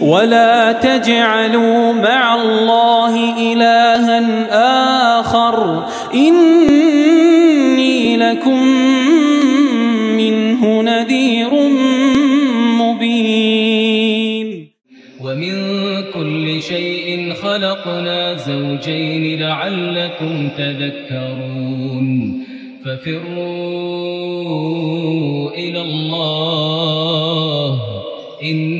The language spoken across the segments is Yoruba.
ولا تجعلوا مع الله إلها آخر إني لكم منه نذير مبين ومن كل شيء خلقنا زوجين لعلكم تذكرون ففروا إلى الله إن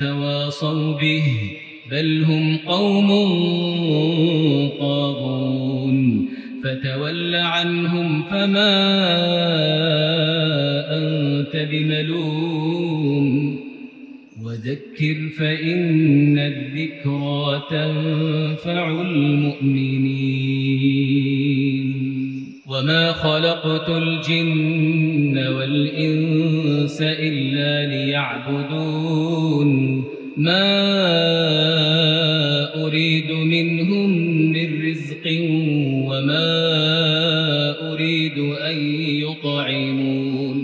تواصوا به بل هم قوم طاغون فتول عنهم فما أنت بملوم وذكر فإن الذكرى تنفع المؤمنين وما خلقت الجن والإنس إلا ليعبدون ما أريد منهم من رزق وما أريد أن يطعمون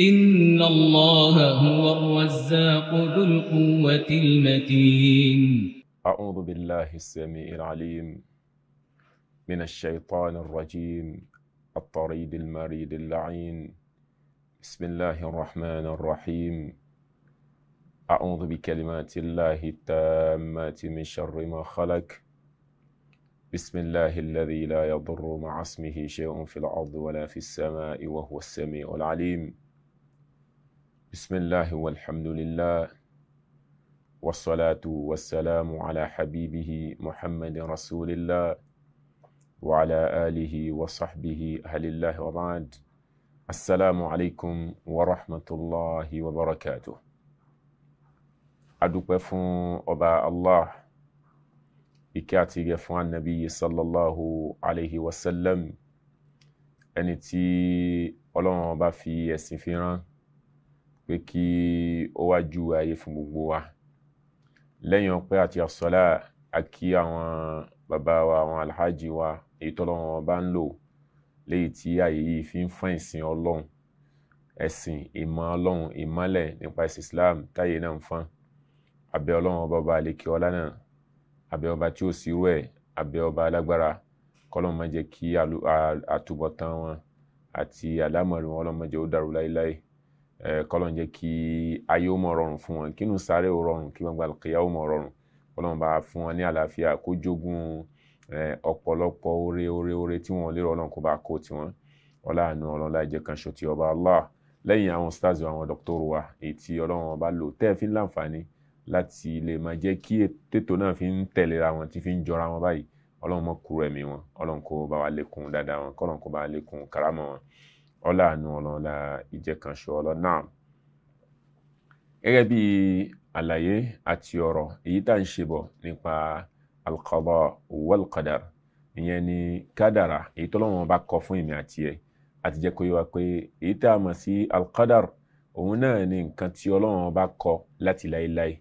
إن الله هو الرزاق ذو القوة المتين أعوذ بالله السميع العليم من الشيطان الرجيم الطريد المريد اللعين بسم الله الرحمن الرحيم أعوذ بكلمات الله التامة من شر ما خلق بسم الله الذي لا يضر مع اسمه شيء في الأرض ولا في السماء وهو السميع العليم بسم الله والحمد لله والصلاة والسلام على حبيبه محمد رسول الله وعلى آله وصحبه أهل الله وبعد السلام عليكم ورحمة الله وبركاته adúpẹ́ fún ọba allah ìkẹ́ àti ìgẹ̀ fún anabi sallallahu alayhi wa sallam ẹni tí ọlọ́run ọba fi ẹ̀sìn fi rán pé kí ó wá ju ayé fún gbogbo wa lẹ́yìn ọpẹ́ àti àsọlá àkí àwọn bàbá wa àwọn alhaji wa èyí tọ́lọ́run ọba ń lò léyìí tí ààyè yìí fi ń fún ìsìn ọlọ́run ẹ̀sìn ìmọ̀ ọlọ́run ìmọ̀lẹ̀ nípa ẹ̀sìn islam táyé náà ń fún abẹ́ ọlọ́run ọba ọba àlekè ọlá náà abẹ́ ọba tí ó sírú ẹ̀ abẹ́ ọba alágbára kọ́lọ́run má jẹ́ kí àtúbọ̀tán wọn àti àlámọ̀rí wọn ọlọ́run má jẹ́ ó dàrú láéláé kọ́lọ́run jẹ́ kí ayé ó mọ̀ rọrùn fún wọn kínú sáré ó rọrùn kí gbangba àlùkìyà ó mọ̀ rọrùn kọ́lọ́run bá fún wọn ní àlàáfíà kó jogún ọ̀pọ̀lọpọ̀ oore oore oore tí wọn ò lérò ọlọ́run kó bá kó tiwọn ọlá àánú ọlọ́run láì jẹ́ kan ṣòtì ọba Allah lẹ́yìn àwọn stars àwọn dọ́kítọ́rù wa èyí tí ọlọ́run ọba lò tẹ́ẹ̀ fi ń láǹfààní láti lè máa jẹ́ kí ètò náà fi ń tẹ̀léra wọn tí fi ń jọra wọn báyìí ọlọ́run mọ́ kúrò ẹ̀mí wọn ọlọ́run kó bá wa lékun dáadáa wọn kọ́lọ́run kó bá wa lékun karamọ́ wọn ọlá àánú ọlọ́run la ìjẹkànṣọ ọlọ́run náà. gẹ́gẹ́ bí àlàyé àti ọ̀rọ̀ èyí tá à ń ṣe bọ̀ nípa alqada walqadar ìyẹn ni kádàrà èyí tọ́lọ́run bá kọ fún èmi àti ẹ̀ àti jẹ́ kó wa pé èyí tá a mọ̀ sí alqadar òun náà ni nǹkan tí ọlọ́run bá kọ láti láéláé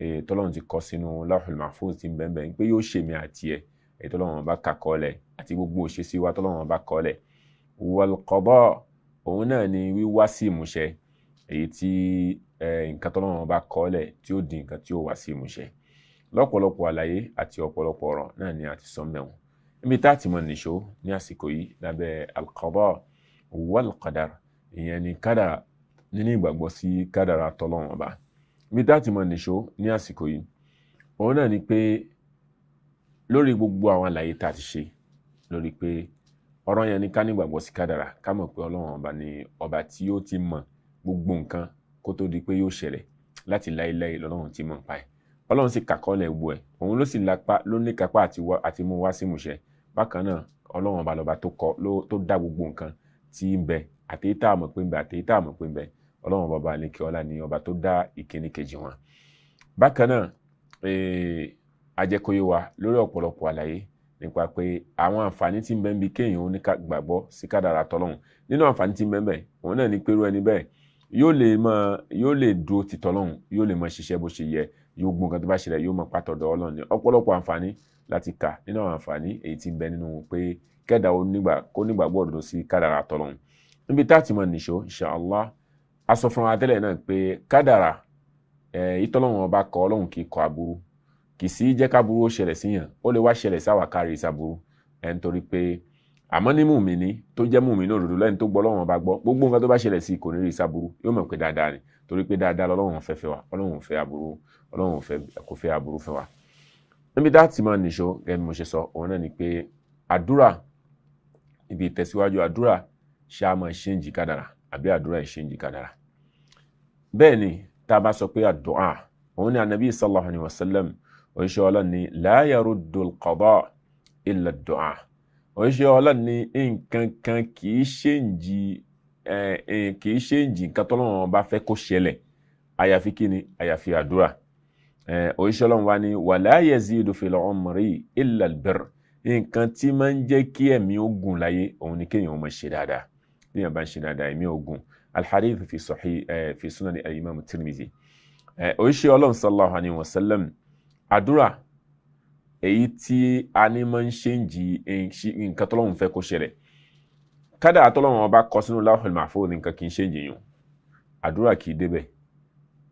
tọ́lọ́run ti kọ sínú Lawhul Mahfuz ti ń bẹ́ẹ̀ pé yóò ṣèmi àti ẹ̀ èyí tọ́lọ́run bá kà kọ́lẹ̀ àti gbogbo òṣèṣì wa tọ́lọ́run bá kọ́lẹ̀ wal qada òun náà ni wíwá sí ìmúṣẹ èyí tí nǹkan tọ́lọ́run bá kọ́lẹ̀ tí ó di nǹkan tí ó wá sí ìmúṣẹ lọ́pọ̀lọpọ̀ àlàyé àti ọ̀pọ̀lọpọ̀ ọ̀rọ̀ náà ni àti sọ́mbẹ̀wọ̀n níbi tá a ti nìṣó ní àsìkò yìí lábẹ́ al-qada ìyẹn ni kádàrà nínú ìgbàgbọ́ sí kádàrà tọ́lọ́run ọba mi dáàtì mọ̀ nìṣó ní àsìkò yìí òun náà ni pé lórí gbogbo àwọn àlàyé tá a ti ṣe lórí pé ọ̀rọ̀ yẹn ni ká nígbàgbọ́ sí kádàrà ká mọ̀ pé ọlọ́run ọba ni ọba tí yóò ti mọ̀ gbogbo nǹkan kó tó di pé yóò ṣẹlẹ̀ láti láéláé lọ́lọ́run ti mọ̀ nípa ẹ̀ ọlọ́run sì kàkọ́lẹ̀ gbogbo ẹ̀ òun ló sì lápá ló ní kápá àti mú wá sí ìmúṣẹ bákan náà ọlọ́run ọba lọ́ba tó kọ tó dá gbogbo nǹkan tí ń bẹ àtẹ́yí tá a mọ̀ pé ń bẹ àtẹ́yí tá a mọ̀ pé ń bẹ ọlọ́run bàbá àlékè ọlá ni ọba tó dá ìkíní kejì wọn. bákan náà eh, ajẹkọyé wa lórí ọ̀pọ̀lọpọ̀ àlàyé nípa pé àwọn àǹfààní tí ń bẹ ń bi kéèyàn ó ní ká gbàgbọ́ sí kádàrà tọ́lọ́hún nínú àǹfààní tí ń bẹ ń bẹ òun náà ní pẹ̀rú ẹni bẹ́ẹ̀ yóò lè máa yóò lè dúró ti tọ́lọ́hún yóò lè máa ṣiṣẹ́ bó ṣe yẹ yóò gbọ́n kan tó bá ṣẹlẹ̀ yóò máa pàtọ́dọ̀ ọlọ́run ní ọ̀pọ̀lọpọ̀ àǹfààní láti kà nínú àwọn àǹfààní èyí tí ń bẹ nínú pé kẹ́dà ó nígbàgbọ́ òdodo sí kádàrà tọ́lọ́hún níbi táàtì mọ̀ nìṣó insha a sọ fún wa tẹ́lẹ̀ náà pé kádàrà ìtọ́lọ́wọ̀n ọba kọ ọlọ́run kì í kọ aburú kì í sí jẹ́ káburú ó ṣẹlẹ̀ síyàn ó lè wá ṣẹlẹ̀ sáwà kárí ìsàburú ẹ̀ ń torí pé àmọ́ ní mùmíní tó jẹ́ mùmíní òdodo lẹ́ni tó gbọ́ ọlọ́run ọba gbọ́ gbogbo nǹkan tó bá ṣẹlẹ̀ sí kò ní rí ìsàburú yóò mọ̀ pé dáadáa ni torí pé dáadáa lọ́lọ́run fẹ́ fẹ́ wa ọlọ́run fẹ́ aburú ọlọ́run kò fẹ́ aburú fẹ́ wa. níbi dáàtì máa nìṣó ẹni mo ṣe sọ òun náà ni pé àdúrà ibi ìtẹ̀síwájú àdúrà ṣáà máa ṣe ń jì kádàrà àbí àdúrà ìṣèǹjì kádàrá bẹ́ẹ̀ ni tá a bá sọ pé àdúà òun ni anabi sallallahu alayhi wa sallam oṣù ọlọ́run ni la yaruddu al-qada illa ad-du'a oṣù ọlọ́run ni nǹkan kan kì í ṣèǹjì kì í ṣèǹjì nǹkan tọ́lọ́run bá fẹ́ kó ṣẹlẹ̀ àyàfi kí ni àyàfi àdúrà oṣù ọlọ́run wa ni wala yazidu fil umri illa al nǹkan tí máa ń jẹ́ kí ẹ̀mí ó gùn láyé òun ni kéèyàn ó máa ṣe dáadáa bí yàn bá ń ṣe dáadáa ẹ̀mí ogun alhadith fi sahih fi sunan imam tirmidhi oríṣi ọlọ́run sallallahu alayhi wa sallam àdúrà èyí tí a ní máa ń ṣe ń jí nǹkan tọ́lọ́run fẹ́ kó ṣẹlẹ̀ kádà àtọ́lọ́run ọba kọ sínú láwùjọ màfó nǹkan kì í ṣe ń jìyàn àdúrà kì í débẹ̀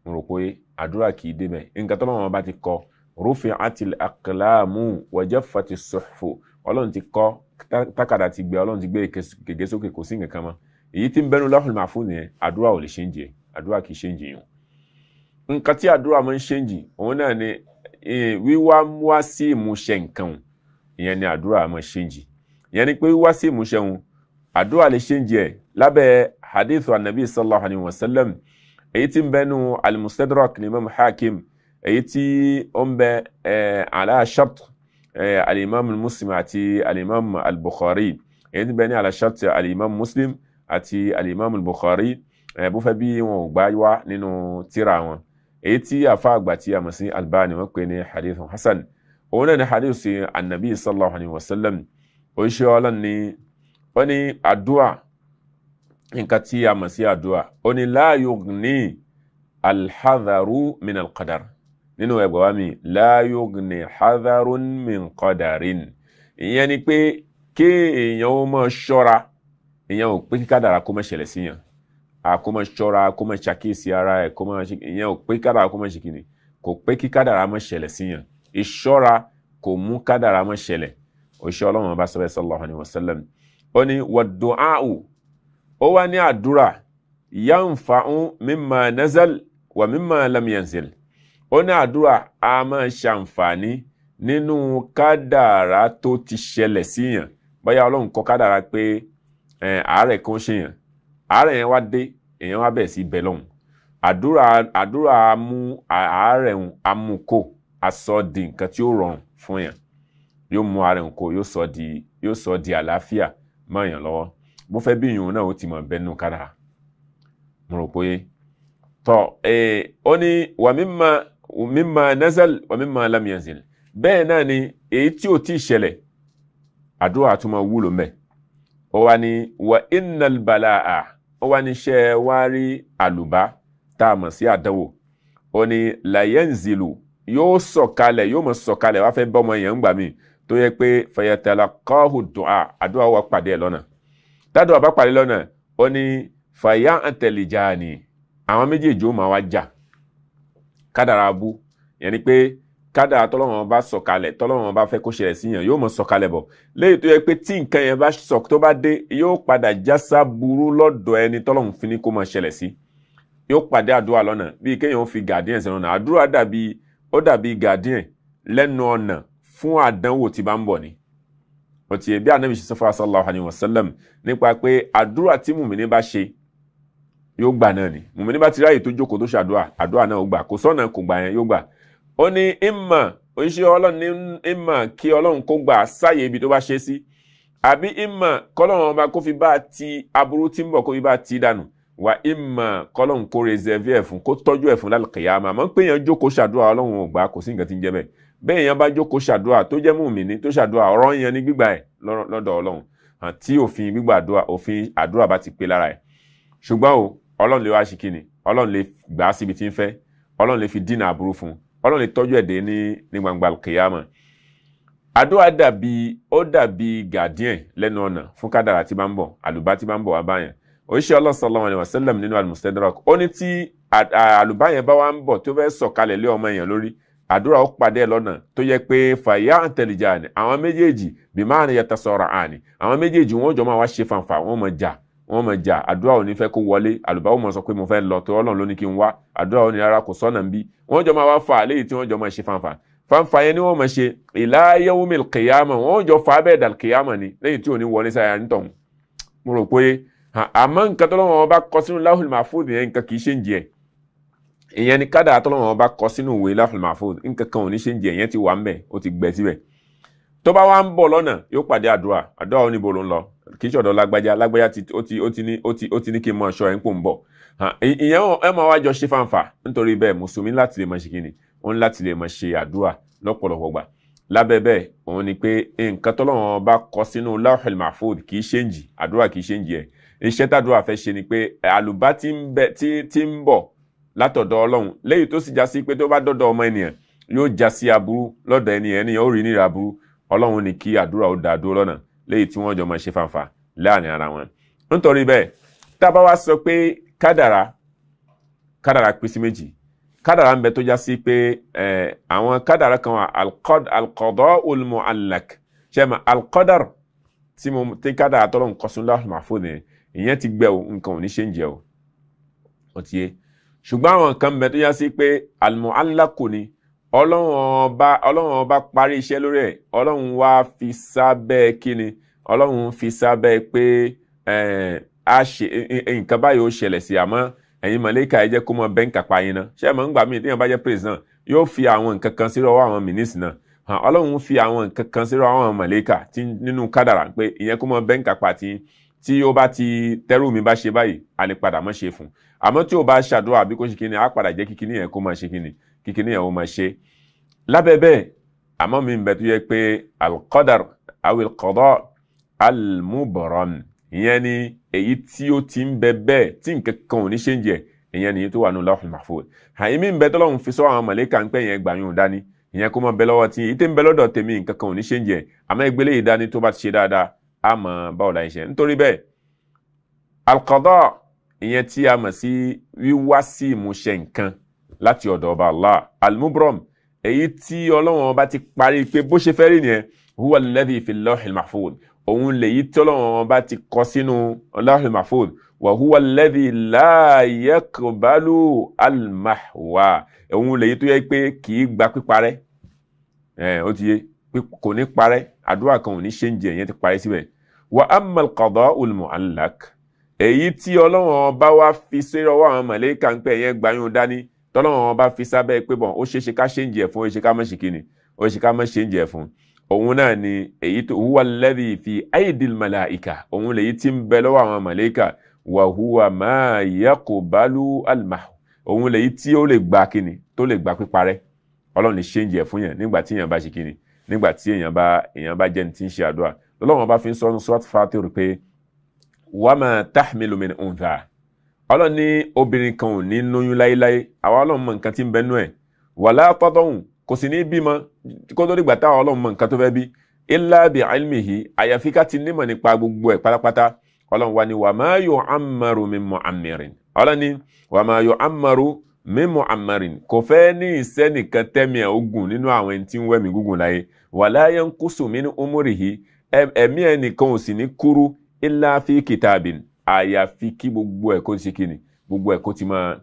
n rò pé àdúrà kì í débẹ̀ nǹkan tọ́lọ́run ọba ti kọ rufi atil aklamu wajaffati suhfu ọlọ́run ti kọ tákàdá ti gbẹ ọlọ́run ti gbé gègé sókè kò sí nǹkan kan mọ́ èyí tí ń bẹnu lọ́hùn máa fún nìyẹn àdúrà ò lè ṣe ń jẹ àdúrà kì í ṣe ń jẹ yàn nǹkan tí àdúrà máa ń ṣe ń jì òun náà ni wíwá wá sí ìmúṣẹ nǹkan ìyẹn ni àdúrà máa ṣe ń jì ìyẹn ni pé wíwá sí ìmúṣẹ òun àdúrà lè ṣe ń jẹ lábẹ́ hadith anabi sallallahu alayhi wa sallam èyí tí ń bẹnu al-mustadrak ni imam hakim èyí tí ó ń bẹ ala shart Eh, alimami muslim àti alimami al-bukhari èyí tí bẹ ní alashati alimami muslim àti alimami al-bukhari eh, bó fẹ́ bí wọn ò gbá wá nínú tíra wọn èyí tí àfa àgbà tí a mọ̀ sí albani wọ́n pè ní hadith hasan òun náà ni hadith sí anabi sallallahu alayhi wa sallam oṣù ọlọ́run ni wọ́n ní àdúà nǹkan tí a mọ̀ ó ní la yughni alhadharu min alqadar nínú ẹgbẹ́ wa mi láyọ̀gùnì hadarun min qadarin ìyẹn ni pé kí èèyàn ó mọ ṣọ́ra ìyẹn ò pé kí kádàrá kó má ṣẹlẹ̀ sí yàn àkó má ṣọ́ra kó má ṣàkíyèsí ara ẹ̀ kó má ṣe ìyẹn ò pé kí kádàrá kó má ṣe kìnnì kò pé kí kádàrá má ṣẹlẹ̀ sí yàn ìṣọ́ra kò mú kádàrá má ṣẹlẹ̀ òṣìṣẹ́ ọlọ́run bá sọ́bẹ̀ sallallahu alaihi wasallam ó ní wàdùnáù ó wá ní àdúrà yanfa'u mimma nazal wa mimma lam yanzil ó ní àdúrà a máa ṣàǹfààní nínú kádàrá tó ti ṣẹlẹ̀ síyàn bóyá ọlọ́run kọ kádàrá pé àárẹ̀ kan ṣèyàn àárẹ̀ yẹn wá dé èèyàn wá bẹ̀rẹ̀ sí bẹ̀ lọ́hùn àdúrà àdúrà amú àárẹ̀ hùn amúkò asọ́ di nǹkan tí ó rọrùn fún yàn yóò mú àárẹ̀ hùn kó yóò sọ di àlàáfíà mọ́ èèyàn lọ́wọ́ bó fẹ́ bí ìyún náà ó ti mọ̀ bẹ́ẹ̀ kádàrá mo rò pé tọ́ ó ní wàmí máa mimma nazal wa mimma lam yanzil bẹ́ẹ̀ náà ni èyí tí ò tí ì àdúrà tó máa wúlò mẹ́ ọ wá ní wa innal balaa ọ wá ní ṣe wá rí àlùbá tá a mọ̀ sí àdánwò ọ ní la yanzilu yóò sọ̀kalẹ̀ yóò mọ̀ sọ̀kalẹ̀ wá fẹ́ bá ọmọ yẹn ń gbà mí tó yẹ pé fayatalaqahu du'a àdúrà wa pàdé ẹ̀ lọ́nà tádùn àbá pàdé lọ́nà ọ ní fàyà àtẹlẹjà ni àwọn méjèèjì ó máa wá jà kádàrá abú yẹn ni pé kádàrá tọ́lọ́wọ́n bá sọ̀kalẹ̀ tọ́lọ́wọ́n bá fẹ́ kó ṣẹlẹ̀ sí yàn yóò mọ̀ sọ̀kalẹ̀ bọ̀ léyìí tó yẹ pé tí nǹkan yẹn bá sọ tó bá dé yóò padà jásá burú lọ́dọ̀ ẹni tọ́lọ́wọ́n fi ní kó máa ṣẹlẹ̀ sí yóò pàdé àdúrà lọ́nà bíi kéèyàn fi gàdíẹ̀ sẹ́nu ọ̀nà àdúrà dàbí ó dàbí gàdíẹ̀ lẹ́nu ọ̀nà fún àdánwò tí bá ń bọ̀ ni ó ti yẹ bí Ànábì ṣe wasallam nípa pé àdúrà tí mùmíní yóò gbà náà ni mùmíní bá ti ráàyè tó jókòó tó ṣàdúà àdúà náà ó gbà kò sọ́nà kò gbà yẹn yóò gbà ó ní ìmọ̀ oníṣẹ́ ọlọ́run ní ìmọ̀ kí ọlọ́run kó gbà sáyè ibi tó bá ṣe sí àbí ìmọ̀ kọ́lọ́run ọba kó fi bá ti aburú tí ń bọ̀ kó fi bá ti dànù wà ìmọ̀ kọ́lọ́run kó reserve ẹ̀ fún kó tọ́jú ẹ̀ fún lálùkìyàmà àmọ́ pé èèyàn jókòó ṣàdúà ọlọ́run ò gbà kò sí nǹkan tí ń jẹ́ bẹ́ẹ̀ bẹ́ẹ̀ èèyàn bá jókòó ṣàdúà tó jẹ́ mùmíní tó ṣàdúà ọ̀rọ̀ yẹn ṣùgbọ́n o ọlọ́run lè wá ṣe kíni ọlọ́run lè gbà á síbi tí ń fẹ́ ọlọ́run lè fi dínà aburú fún un ọlọ́run lè tọ́jú ẹ̀dẹ́ ní ní gbangba kìyàmọ̀ àdúrà dàbí ó dàbí gàdíẹ̀ lẹ́nu ọ̀nà fún kádàrà tí bá ń bọ̀ àlùbá tí bá ń bọ̀ wá báyẹn òṣìṣẹ́ Allah sallallahu alaihi wasallam nínú al-Mustadrak ó ní tí àlùbá yẹn bá wá ń bọ̀ tó fẹ́ sọ̀kalẹ̀ lé ọmọ èèyàn lórí àdúrà ó pàdé lọ́nà tó yẹ pé fàyà àǹtẹ̀lìjà ni àwọn méjèèjì bímáà ni yàtọ̀ sọ̀rọ̀ àní àwọn méjèèjì wọn jọ máa wá ṣe fàǹfà wọn máa jà wọ́n mọ̀ jà àdúrà ò ní fẹ́ kó wọlé àlùbáwò mọ̀ sọ pé mo fẹ́ lọ tó ọlọ́run ló ní kí n wá àdúrà ò ní rárá kò sọ́nà ń bí wọ́n jọ máa wá fà léyìí tí wọ́n jọ máa ṣe fanfa fanfa yẹn ni wọ́n máa ṣe ìlà yawmil qiyamah wọ́n jọ fà bẹ́ẹ̀ dàl qiyamah ni lẹ́yìn tí ò ní wọlé sáyà nítọ̀hún mo rò pé àmọ́ nǹkan tó lọ́wọ́ bá kọ sínú láhùl mahfud yẹn nǹkan kì í ṣe ń jẹ ìyẹn ni kádà tó lọ́wọ́ bá kọ sínú ìwé láhùl mahfud nǹkan kan ò ṣe ń jẹ ìyẹn ti wà ń bẹ̀ ó ti gbẹ síbẹ̀ tó bá wá ń bọ̀ lọ́nà yóò pàdé àdúrà àdúrà ó níbo ló ń lọ kì í ṣọ̀dọ̀ lágbájá lágbájá ó ti ó ti ní ó ti ó ti ní kí n mọ ọ̀ṣọ́ ẹ̀ ń pò ń bọ̀ ìyẹn ẹ máa wá jọ ṣe fàǹfà nítorí bẹ́ẹ̀ mùsùlùmí láti lè máa ṣe kíni òun láti lè máa ṣe àdúrà lọ́pọ̀lọpọ̀ gbà lábẹ́ bẹ́ẹ̀ òun ni pé nǹkan tọ́lọ́run bá kọ sínú Lawhul Mahfud kì í ṣéǹjì àdúrà kì í ṣéǹjì ẹ̀ iṣẹ́ tàdúrà fẹ́ ṣe ni pé àlùbá ti ń bọ̀ látọ̀dọ̀ ọlọ́run lẹ́yìn tó sì já sí pé tó bá dọ́dọ̀ ọmọ ènìyàn yóò já sí aburú lọ́dọ̀ ẹni ẹni yóò rí níra aburú ọlọ́run ní kí àdúrà ó dáa dúró lọ́nà léyìí tí wọ́n jọ máa ṣe fàǹfà láàrin ara wọn. nítorí bẹ́ẹ̀ tá a bá wá sọ pé kádàrá kádàrá pín sí méjì kádàrá ń bẹ tó já sí pé àwọn kádàrá kan wà alqada'ul mu'allaq ṣe ma alqadar tí mo ti kádàrá tọ́lọ́ nǹkan sún láàrín màfó nìyẹn ìyẹn ti gbẹ o nǹkan ò ní ṣe ń jẹ o ṣùgbọ́n àwọn kan bẹ tó já sí pé al-mu'allaq ni ọlọ́run ọba ọlọ́run ọba parí iṣẹ́ lórí ẹ̀ ọlọ́run wá fi sábẹ́ kíni ọlọ́run fi sábẹ́ pé a ṣe nǹkan báyìí ó ṣẹlẹ̀ sí àmọ́ ẹ̀yin mọ̀lẹ́kà ẹ jẹ́ kó mọ bẹ́ǹkà pa yín náà ṣé ẹ mọ̀ ń gbà mí téèyàn bá jẹ́ president yóò fi àwọn nǹkan kan sí ọwọ́ àwọn mínísì náà hàn ọlọ́run fi àwọn nǹkan kan sí ọwọ́ àwọn mọ̀lẹ́kà nínú kádàrà pé ìyẹn kó mọ bẹ́ǹkà pa tí tí ó bá ti tẹ́rù mi bá ṣe báyìí a mọ́ ṣe fún àmọ́ tí ó bá ṣàdúrà àbí kó ṣe kíni á padà jẹ́ kíkiní yẹn kó mọ ṣe kíni kíkiri yẹn wọ́n máa ṣe lábẹ́ bẹ́ẹ̀ àmọ́ mi bẹ tó yẹ pé alqadar awil qada almubaran ìyẹn ni èyí tí ó ti ń bẹ bẹ́ẹ̀ tí nǹkan kan ò ní ṣe ń jẹ ìyẹn nìyí tó wà nínú Lawhul Mahfuz àyè mi bẹ tọ́lọ́run fi sọ àwọn mọ̀lẹ́kà ń pẹ́ yẹn gbàyàn dání ìyẹn kó mọ bẹ lọ́wọ́ tí èyí tó ń bẹ lọ́dọ̀ tèmi nǹkan kan ò ní ṣe ń jẹ àmọ́ ìgbélé yìí dání tó bá ti ṣe dáadáa á mọ báwo la ṣe nítorí bẹ́ẹ̀ alqada ìyẹn tí a mọ̀ sí wíwá sí ìmúṣẹ nǹkan láti ọ̀dọ̀ ọba Allah almubrom èyí tí ọlọ́run ọba ti parí pé bó ṣe fẹ́ rí nìyẹn huwa alladhi fil lawhil mahfud òun lèyí tí ọlọ́run ọba ti kọ sínú lawhil mahfud wa huwa alladhi la yakbalu almahwa òun lèyí tó yẹ pé kì í gba píparẹ́ ẹ̀ ó ti yé kò ní parẹ́ àdúrà kan ò ní ṣe ń jẹ ìyẹn ti parẹ́ síbẹ̀ wa amma al-qada'u èyí tí ọlọ́run ọba wa fi sẹ́rọ̀ wà àwọn mọ̀lẹ́kà ń pẹ́ yẹn gbayún dání tọ́lọ́run ọba fi sábẹ́ pé bọ̀ ó ṣeéṣe ká ṣe ń jẹ fún ó ṣe ká má ṣe kíni ó ṣe ká má ṣe ń jẹ fún òun náà ni èyí tó huwa alladhi fi aidil malaika òun lèyí tí ń bẹ lọ́wọ́ àwọn malaika wa huwa ma yaqbalu almahu òun lèyí tí ó lè gba kíni tó lè gba píparẹ́ ọlọ́run lè ṣe ń fún yẹn nígbà tí èèyàn bá ṣe kíni nígbà tí èèyàn bá jẹ́ ní tí ń ṣe àdúrà lọ́lọ́run ọba fi ń sọ́nu sọ́t fatir pé wàmà tahmilu min untha ọlọ́run ní obìnrin kan ò ní lóyún láéláé àwa ọlọ́run mọ nǹkan tí ń bẹnu ẹ̀ wàlá tọ́tọ̀hún kò sì ní bímọ kó tó dìgbà táwa ọlọ́run mọ nǹkan tó fẹ́ bí ilá bi ilmihi àyàfi ká ti nímọ̀ nípa gbogbo ẹ̀ pátápátá ọlọ́run wa ni wà máa yọ amaru mi mọ amirin ọlọ́run ni wà máa yọ amaru mi mọ amirin kò fẹ́ ní iṣẹ́ nìkan tẹ́mi ẹ̀ ogun nínú àwọn ẹni tí ń wẹ̀mí gúngun láyé wàlá yanqusu min umurihi ní fi kìtàbìn àyàfi kí gbogbo ẹ̀ kó ti ṣe kíni gbogbo ẹ̀ kó ti máa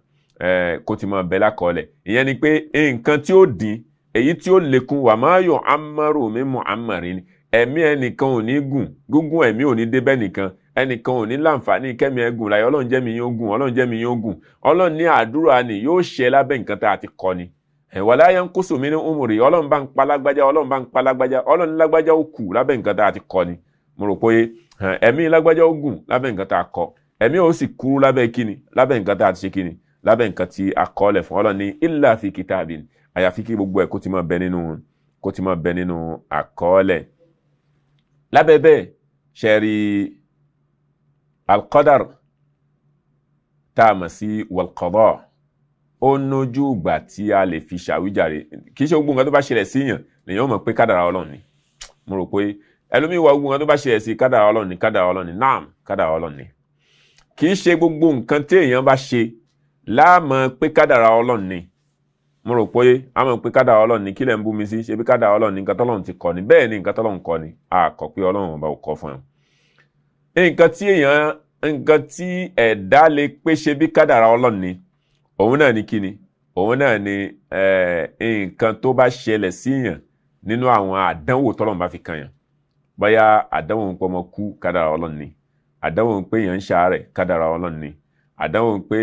kó ti máa bẹ lákọọ́lẹ̀ ìyẹn ni pé nǹkan tí ó dín èyí tí ó lékún wà máa yọ amaru mi mu amarin ẹ̀mí ẹnìkan ò ní gùn gúngún ẹ̀mí ò ní débẹ̀ nìkan ẹnìkan ò ní láǹfààní kẹ́mi ẹ̀gùn láyé ọlọ́run jẹ́ yín ó gùn ọlọ́run jẹ́ yín ó gùn ọlọ́run ní àdúrà ni yóò ṣe lábẹ́ nǹkan tá a ti kọ́ ni ẹ̀wà láyé ń kóso mi ní umuri ọlọ́run bá ń pa lágbájá ọlọ́run bá ń pa lágbájá ọlọ́run lágbájá ó kù lábẹ́ nǹkan tá a ti kọ́ ni mo rò pé ẹ̀mí lágbájá ó gùn lábẹ́ nǹkan tá a kọ ẹ̀mí ó sì kúrú lábẹ́ kíni lábẹ́ nǹkan tá a ti ṣe kíni lábẹ́ nǹkan tí a kọ́ lẹ̀ fún ọlọ́run ní illa fi kitabin àyàfi kí gbogbo ẹ̀ kó ti máa bẹ nínú kó ti máa bẹ nínú àkọọ́lẹ̀ lábẹ́ bẹ́ẹ̀ ṣe rí alqadar tá a mọ̀ sí walqada ó nójú ìgbà tí a lè fi ṣàwíjàre kì í ṣe gbogbo nǹkan tó bá ṣẹlẹ̀ síyàn lèyàn mọ̀ pé kádàrá ọlọ́run mo rò pé ẹlòmíì wà gbogbo nǹkan tó bá ṣe ẹ̀sìn kádàrá Ọlọ́run ni kádàrá Ọlọ́run ni naam kádàrá Ọlọ́run ni kì í ṣe gbogbo nǹkan tí èèyàn bá ṣe láàmọ̀ pé kádàrá Ọlọ́run ni mo rò pé àmọ̀ pé kádàrá Ọlọ́run ni kí lẹ̀ ń bú mi sí ṣe bí kádàrá Ọlọ́run ni nǹkan tọ́lọ́run ti kọ ni bẹ́ẹ̀ ni nǹkan tọ́lọ́run kọ ni àkọ́ pé Ọlọ́run ọba ò fún ẹ nǹkan tí èèyàn bóyá àdánwò ń pé ọmọ kú kádàrá ọlọ́run ni àdánwò ń pé èèyàn ń ṣàárẹ̀ kádàrá ọlọ́run ni àdánwò ń pé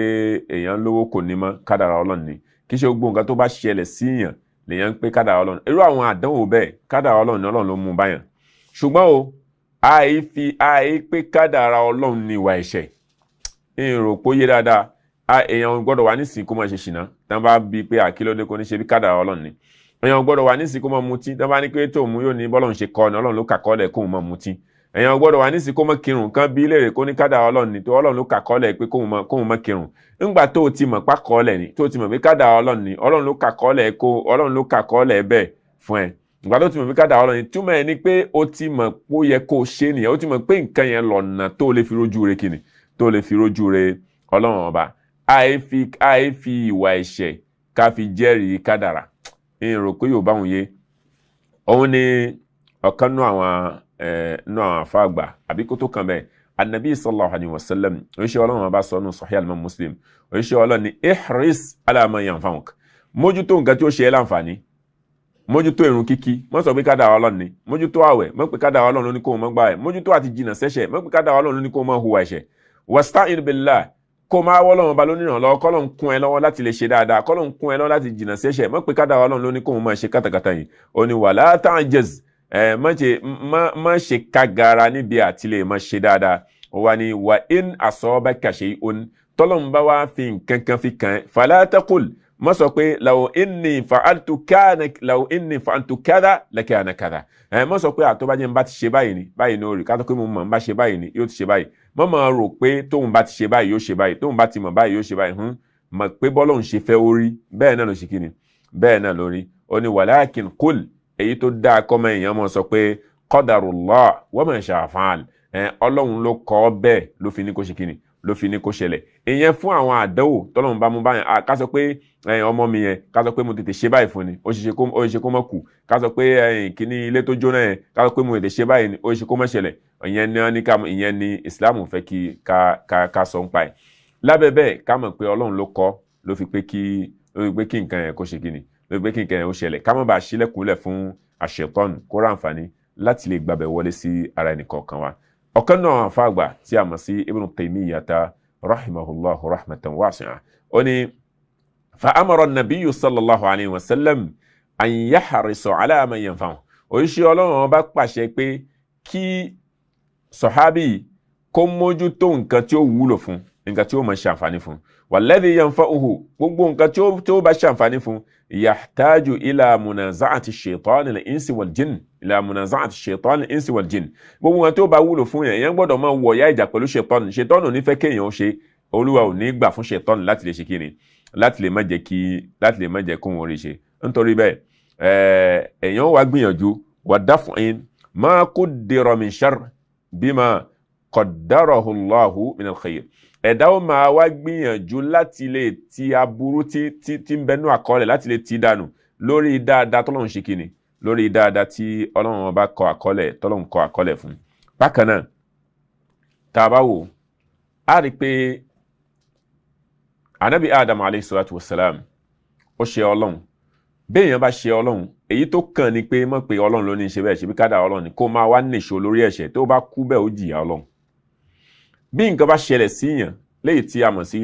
èèyàn lówó kò ní mọ́ kádàrá ọlọ́run ni kì í ṣe gbogbo nǹkan tó bá ṣẹlẹ̀ síyàn lèèyàn ń pé kádàrá ọlọ́run irú àwọn àdánwò bẹ́ẹ̀ kádàrá ọlọ́run ni ọlọ́run ló mú báyàn ṣùgbọ́n o àì fi àì pé kádàrá ọlọ́run ni ìwà ẹ̀ṣẹ̀ èrò pó yé dáadáa èèyàn gbọ́dọ̀ wà nísìnyí kó má ṣe ṣìnà tí bá bíi pé àkílódé kò ní ṣe bí kádàrá ọlọ́run ni èèyàn gbọ́dọ̀ wà nísìsiyìí kó mọ mutí tó bá ní pé tó mú yóò ní bọ́lọ̀ ń ṣe kọ́ ni ọlọ́run ló kàkọ́lẹ̀ kó mọ mutí èèyàn gbọ́dọ̀ wà nísìsiyìí kó mọ kírun kan bí léèrè kó ní kádà ọlọ́run ni tó ọlọ́run ló kàkọ́lẹ̀ pé kó mọ kírun ńgbà tó o ti mọ̀ pákọ́lẹ̀ ni tó o ti mọ̀ pé kádà ọlọ́run ni ọlọ́run ló kàkọ́lẹ̀ kó ọlọ́run ló kàkọ́lẹ̀ bẹ́ẹ̀ fún ẹ ìgbà tó ti mọ̀ pé kádà ọlọ́run ni túmọ̀ ẹ ni pé o ti mọ̀ pé ó yẹ kó o ṣe nìyẹn o ti mọ̀ pé nǹkan tó o lè fi ń rò pé yóò bá òun yé òun ni ọ̀kan nú àwọn nú àwọn afa àbí kó tó kàn anabi sallallahu alayhi wa sallam oṣiṣẹ́ ọlọ́run bá sọ ọ́nù sahih alimam muslim oṣiṣẹ́ ọlọ́run ni ihris ala ma yanfa'uk mójútó nǹkan tí ó ṣe é láǹfààní mójútó irun kíkí mọ́ sọ pé ká dára ọlọ́run ni mójútó àwẹ̀ mọ́ pé ká dára ọlọ́run ní kó o mọ́ gbà ẹ̀ mójútó àti jìnnà sẹ́ṣẹ̀ mọ́ pé ká dára ọlọ́run ní kó o mọ́ hùwà ẹ̀ṣẹ̀ wasta'in kó máa wọ́ lọ́wọ́ ba lónìrànlọ́wọ́ kọ́lọ́n kún ẹ lọ́wọ́ láti lè ṣe dáadáa kọ́lọ́n kún ẹ lọ́wọ́ láti jìnnà sí ẹ̀ṣẹ̀ mọ̀ pé kádàá ọlọ́run ló ní kóun máa ṣe kátàkátà yìí ó ní wàlá ta'jaz ẹ má ṣe kágara níbi àti lè má ṣe dáadáa ó wá ní wà in asabaka shay'un tọ́lọ́n bá wá fi nǹkan kan fi kàn fala taqul sọ pé law inni fa'altu kana law inni fa'altu kada lakana kada ẹ má sọ pé àtọ́bàjẹ́ ń bá ti ṣe báyìí ni báyìí ni ó kátó pé mo mọ̀ ń bá ṣe báyìí ni yóò ti ṣe báyìí mọ́ máa rò pé tóun bá ti ṣe báyìí yóò ṣe báyìí tóun bá ti mọ̀ báyìí yóò ṣe báyìí hún mọ̀ pé bọ́lọ́hún ṣe fẹ́ orí bẹ́ẹ̀ náà ló ṣe kíni bẹ́ẹ̀ náà lórí ó ní wàláàkín kúl èyí tó dáa kọ́mọ èèyàn mọ̀ sọ pé qadarullah wa ma sha'a fa'al ọlọ́run ló kọ́ bẹ́ẹ̀ ló fi ní kó ṣe kíni ló fi ní kó ṣẹlẹ̀ ìyẹn fún àwọn àdánwò tọ́lọ́run bá mú báyẹn ká sọ pé ọmọ mi yẹn ká sọ pé mo tètè ṣe báyìí fún ni ó ṣe kó mọ̀ kù ká sọ pé kíní ilé tó jóná yẹn ká sọ pé mo tètè ṣe báyìí ó ṣe kó mọ̀ ṣẹlẹ̀ ìyẹn ni wọ́n ní ká ìyẹn ni Islam fẹ́ kí ká sọ ń pa ẹ̀ lábẹ́ bẹ́ẹ̀ ká mọ̀ pé Ọlọ́run ló kọ́ ló fi pé kí ló fi pé kí nǹkan yẹn kó ṣe kíni ló fi pé kí nǹkan yẹn ó ṣẹlẹ̀ ká mọ̀ sí Ibn rahimahullahu rahmatan wasi'a ó ní fa amara nabiyu sallallahu alayhi wa sallam an yaharisa ala ma yanfa'u oríṣi ọlọ́run ọba pàṣẹ pé kí sọ̀hábì kó mójútó nǹkan tí ó wúlò fún nǹkan tí ó máa ṣàǹfààní fún walladhi yanfa'uhu gbogbo nǹkan tí ó bá ṣàǹfààní fún yahtaju ila munazaati shaytanil insi wal jinn ila munaza'at ṣetán insi wal jin gbogbo wọn tó bá wúlò fún yẹn èèyàn gbọ́dọ̀ máa wọ̀ ya ìjà pẹ̀lú ṣetán ṣetán ò ní fẹ́ kéèyàn ó ṣe olúwa ò ní gbà fún ṣetán láti lè ṣe kí ni láti lè má jẹ́ kí láti lè má jẹ́ kó wọn rí ṣe nítorí bẹ́ẹ̀ èèyàn wá gbìyànjú wà dáfọ̀in máa kó dèrò min ṣar bima qaddarahu Allahu min al-khayr ẹ̀dá ó máa wá gbìyànjú láti lè ti aburú tí tí ń bẹnu àkọọ́lẹ̀ láti lè ti dànù lórí dáadáa tọ́lọ́run ṣe lórí dáadáa tí ọlọ́run ọba kọ àkọlẹ̀ tọ́lọ́run kọ àkọlẹ̀ fún bákan náà tá a bá wò á rí i pé anabi adam alayhi salatu wa salam ó ṣe ọlọ́run béèyàn bá ṣe ọlọ́run èyí tó kàn ni pé mọ̀ pé ọlọ́run ló ní í ṣe bẹ́ẹ̀ ṣe bí kádà ọlọ́run ni kó máa wá nìṣó lórí ẹ̀ṣẹ̀ tó bá kú bẹ́ẹ̀ ó jìyà ọlọ́run bí nǹkan bá ṣẹlẹ̀ síyàn léyìí tí a mọ̀ sí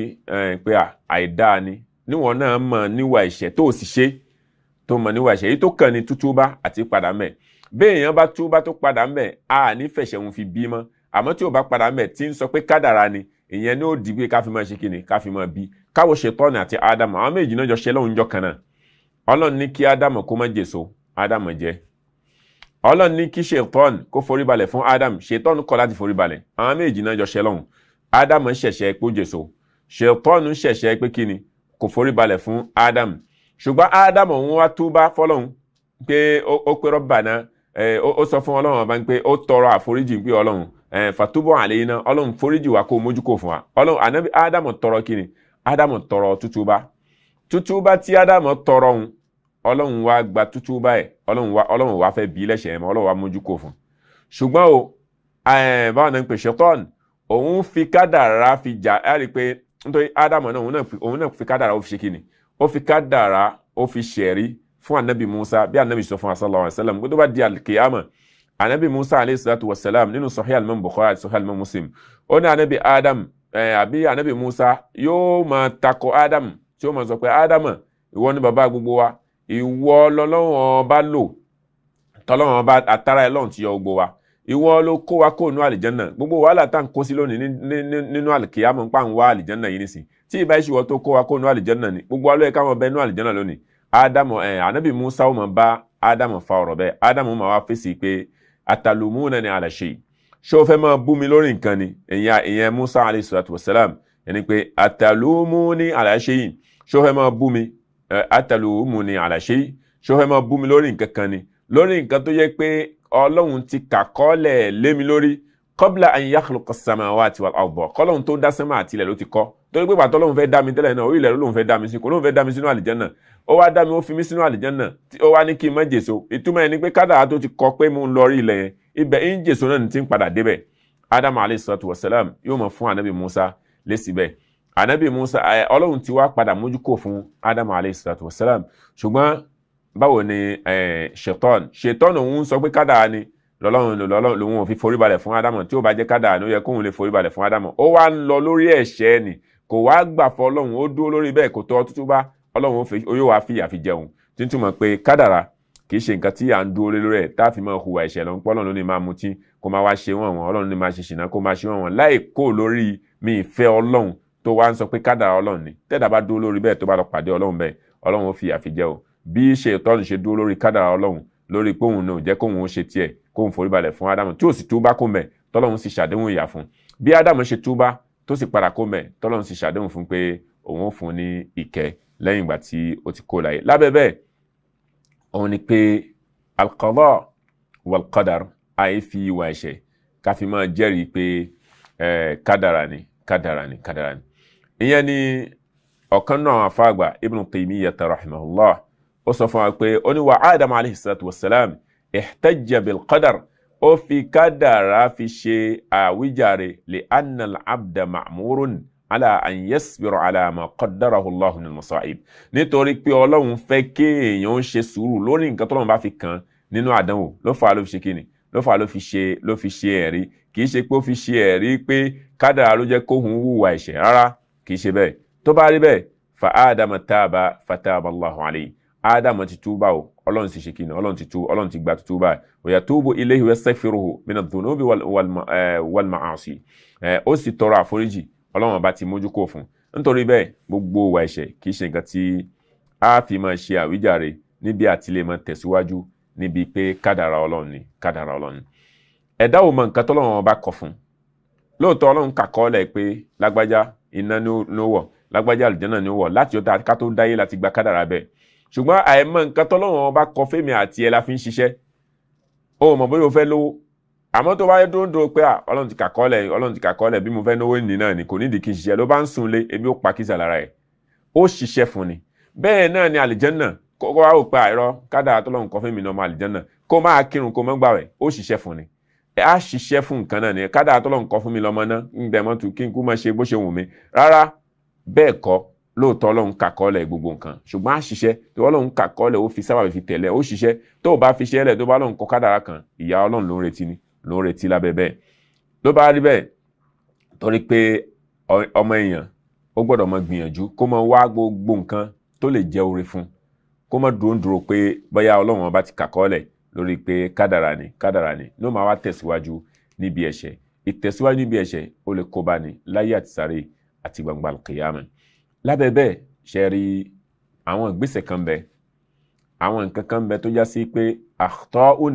pé àìdáa ni níwọ̀n náà mọ̀ níwà ẹ̀ṣẹ̀ tó sì ṣe é tó mọ̀ níwà ẹ̀ṣẹ̀ èyí tó kàn ní tútúbá àti padà mẹ́ béèyàn bá túbá tó padà mẹ́ a ní fẹ̀ṣẹ̀ òun fi bímọ àmọ́ tí ò bá padà mẹ́ tí ń sọ pé kádàrá ni ìyẹn ní ó di pé ká fi máa ṣe kíni ká fi máa bí káwọ ṣètọ́nù àti ádámù àwọn méjì náà jọ ṣe lóhun jọ kan ọlọ́run ní kí ádámù kó má jèso ádámù jẹ ọlọ́run ní kí ṣètọ́nù kó foríbalẹ̀ fún ádámù ṣètọ́nù kọ̀ láti foríbalẹ̀ àwọn méjì náà jọ ṣe lóhun ádámù ṣẹ̀ṣẹ̀ pé jèso ṣètọ́nù ṣẹ̀ṣẹ̀ pé kíni kò foríbalẹ̀ fún ádámù ṣùgbọ́n ádámù òun wá túbá fọlọ́hún pé ó pé rọ́bà náà ó sọ fún ọlọ́run ọba pé ó tọrọ àforíjì pé ọlọ́run fàtúbọ̀ àlẹ́ iná ọlọ́run foríjì wá kó mójú kò fún wa ọlọ́run ànábì ádámù tọrọ kíni ádámù tọrọ tútúbá tútúbá tí ádámù tọrọ òun ọlọ́run wá gba tútúbá ẹ̀ ọlọ́run wá fẹ́ bí lẹ́sẹ̀ mọ́ ọlọ́run wá mójú kò fún ṣùgbọ́n o báwọn náà ń pè ṣetán òun fi kádàrá fi jà á rí i pé nítorí ádámù náà òun náà fi kádàrá ó fi ṣe kíni ó fi kádàrá ó fi ṣẹ̀rí fún anabi musa bí anabi sọ fún asálà wa sallam. gbọdọ bá di alikiyama anabi musa alayhi salatu wa salam nínú sahih alimam bukhari àti sahih alimam muslim ó ní anabi adam eh, àbí anabi musa yóò máa takò adam tí ó máa sọ pé adam ìwọ ni bàbá gbogbo wa ìwọ lọ́lọ́wọ́n bá lò tọ́lọ́wọ́n bá àtàrà ẹ̀ lọ́hùn tí yọ gbogbo wa ìwọ ló kó wa kó nu àlìjánná gbogbo wàhálà tá à ń kó sí lónìí nínú àlìkìyàmọ̀ ń pa yìí nísìnyí tí ìbá ìṣìwọ tó kó wa kó nú àlìjẹ́nà ni gbogbo alóye káwọn bẹ nú àlìjẹ́nà lónìí ádámù ẹ eh, ànábì musa ó mọ bá ádámù fa ọ̀rọ̀ bẹ́ẹ̀ ádámù máa wá fèsì pé àtàlùmúnà ni àlàṣe ṣé o fẹ́ máa bú mi lórí nǹkan ni ìyẹn ìyẹn musa alayhi salatu wa salam ẹni pé àtàlùmúnì àlàṣe yìí ṣé o fẹ́ máa bú mi àtàlùmúnì àlàṣe yìí ṣé o fẹ́ máa bú mi lórí nǹkan kan ni lórí nǹkan tó yẹ pé ọlọ́run ti kàkọ́lẹ̀ lé mi lórí kọ́bílà àyìnyá kọlùkọ́ sàmà wà àti ọ̀bọ̀ kọ́lọ́hún tó dá sẹ́mà àti ilẹ̀ ló ti kọ́ torí pé bàtọ́ lóun fẹ́ dá mi tẹ́lẹ̀ náà orí ilẹ̀ lóun fẹ́ dá mi sí kò lóun fẹ́ dá mi sínú àlìjẹ́nà ó wá dá mi ó fi mi sínú àlìjẹ́nà ó wá ní kí n má jèso ìtumọ̀ ẹni pé kádàá tó ti kọ pé mo ń lọ rí ilẹ̀ yẹn ibẹ̀ ń jèso náà ti ń padà débẹ̀ ádámù alayhi ṣetán ṣetán òun sọ pé kádàá ni lọ́lọ́run lòun ò fi foríbalẹ̀ fún ádámọ̀ tí ó bá jẹ́ kádà ló yẹ kóun lè foríbalẹ̀ fún ádámọ̀ ó wá ń lọ lórí ẹ̀ṣẹ̀ ni kò wá gbà fọ ọlọ́run ó dúró lórí bẹ́ẹ̀ kò tọ́ tútú bá ọlọ́run ó yóò wá fìyà fi jẹun tí ń túmọ̀ pé kádàrà kì í ṣe nǹkan tí à ń dúró lé lórí ẹ̀ tá a fi máa hùwà ẹ̀ṣẹ̀ lọ ń pọ́ ọlọ́run ló ní máa mutí kó máa wá ṣe wọ̀n wọ̀n ọlọ́run ní máa ṣe ṣìnà kó máa ṣe wọ̀n wọ̀n láì kó lórí mi ìfẹ́ ọlọ́run tó wá ń sọ pé kádàrà ọlọ́run ni tẹ́dà bá dúró lórí bẹ́ẹ̀ tó bá lọ pàdé ọlọ́run o bí kóun forí balẹ̀ fún ádámù tí ò sì túbá kó mẹ́ tọ́lọ́run sì ṣàdéhùn ìyà fún bí ádámù ṣe túbá tó sì padà kó mẹ́ tọ́lọ́run sì ṣàdéhùn fún pé òun ò fún ní ìkẹ́ lẹ́yìn ìgbà tí ó ti kó láyé lábẹ́ bẹ́ẹ̀ òun ni pé alqada walqadar àyè fi ìwà ẹ̀ṣẹ̀ ká fi máa jẹ́rìí pé kádàrà ni kádàrà ni kádàrà ni ìyẹn ni ọ̀kan náà àwọn afáàgbà Ibn Taymiyyah rahimahullah ó sọ fún wa pé ó ní wa Adam alayhi salatu wa salam ihtajja bil qadar ó fi kádàrá fi ṣe àwíjàre li anna al-abda ma'murun ala an yasbiru ala ma qaddarahu Allahu min al-masa'ib nítorí pé ọlọ́run fẹ́ kéèyàn ó ṣe sùúrù lórí nǹkan tọ́lọ́run bá fi kàn nínú àdánwò ló fà á ló fi ṣe kíni ló fà á ló fi ṣe ló fi ṣe ẹ̀rí kì í ṣe pé ó fi ṣe ẹ̀rí pé kádàrá ló jẹ́ kóhun hùwà ẹ̀ṣẹ̀ rárá kì í ṣe bẹ́ẹ̀ tó bá rí bẹ́ẹ̀ fa ádámà táàbà fa táàbà Allahu alayhi ádámù ti túbà o ọlọ́run ti ṣe kí ni ọlọ́run ti tú ọlọ́run ti gba túbà ó yatubu ilayhi wa yastaghfiruhu mina dhunubi eh, wal ma'asi eh, ó sì tọrọ àforíjì ọlọ́run ọba ti mójú kó fún nítorí bẹ́ẹ̀ gbogbo ìwà ẹ̀ṣẹ̀ kì í ṣe nǹkan tí a fi máa ṣe àwíjàre níbi àtìlẹ́ máa tẹ̀síwájú níbi pé kádàrà ọlọ́run ni kádàrà ọlọ́run ni ẹ̀dá ò mọ nǹkan tọ́lọ́run ọba kọ fún lóòótọ́ ọlọ́run kàkọ́ọ́lẹ̀ pé lágbájá iná ni ó wọ̀ lágbájá àlùjànnà ni ó wọ̀ láti ọ̀dà ká ṣùgbọ́n àìmọ̀ nǹkan tọ́lọ́run ọba kọ fẹ́mi àti ẹ̀ la fi ń ṣiṣẹ́ o mọ̀ bóyá o fẹ́ lówó àmọ́ tó bá yẹ dúró dúró pé ọlọ́run ti kàkọ́lẹ̀ ọlọ́run ti kàkọ́lẹ̀ bí mo fẹ́ lówó nìyí náà ni kò nídìí kí n ṣiṣẹ́ ló bá ń sunlé ebi ó pa kíṣà lára ẹ̀ ó ṣiṣẹ́ fún ni bẹ́ẹ̀ náà ni àlìjẹ́nà kó wá rò pé àìrọ́ kádàá tọ́lọ́run kọ fẹ́mi náà ọmọ àlìjẹ́nà kó máa kírun kó máa gbàwẹ̀ ó ṣiṣẹ́ fún ni a ṣiṣẹ́ fún nǹkan náà ni kádàá tọ́lọ́run kọ fún mi lọ́mọ náà ń dẹ̀mọ́tù kí n kú máa ṣe bó ṣe wù mí rárá bẹ́ẹ̀ kọ́ lóòótọ́ ọlọ́run kàkọ́lẹ̀ gbogbo nǹkan ṣùgbọ́n àṣìṣe tí ọlọ́run kàkọ́lẹ̀ ó fi sábàbí fi tẹ̀lẹ̀ ó ṣiṣẹ́ tó o bá fi ṣe ẹlẹ̀ tó bá lọ́run kọ kádàrá kan ìyá ọlọ́run ló ń retí ni ló ń retí lábẹ́ bẹ́ẹ̀ ló bá rí bẹ́ẹ̀ torí pé ọmọ èèyàn ó gbọ́dọ̀ mọ gbìyànjú kó mọ wá gbogbo nǹkan tó lè jẹ́ oore fún kó mọ dúró pé bóyá ọlọ́run ọba ti kàkọ́lẹ̀ lórí pé kádàrá ni kádàrá ni ló máa wá tẹ̀síwájú níbi ẹ̀ṣẹ̀ ìtẹ̀síwájú níbi ẹ̀ṣẹ̀ ó lè kóbá ni láyé àtisáré àti gbangba kìyàmù lábẹ́ bẹ́ẹ̀ ṣe rí àwọn ìgbésẹ̀ kan bẹ àwọn nǹkan kan bẹ tó já sí pé àtọ́ùn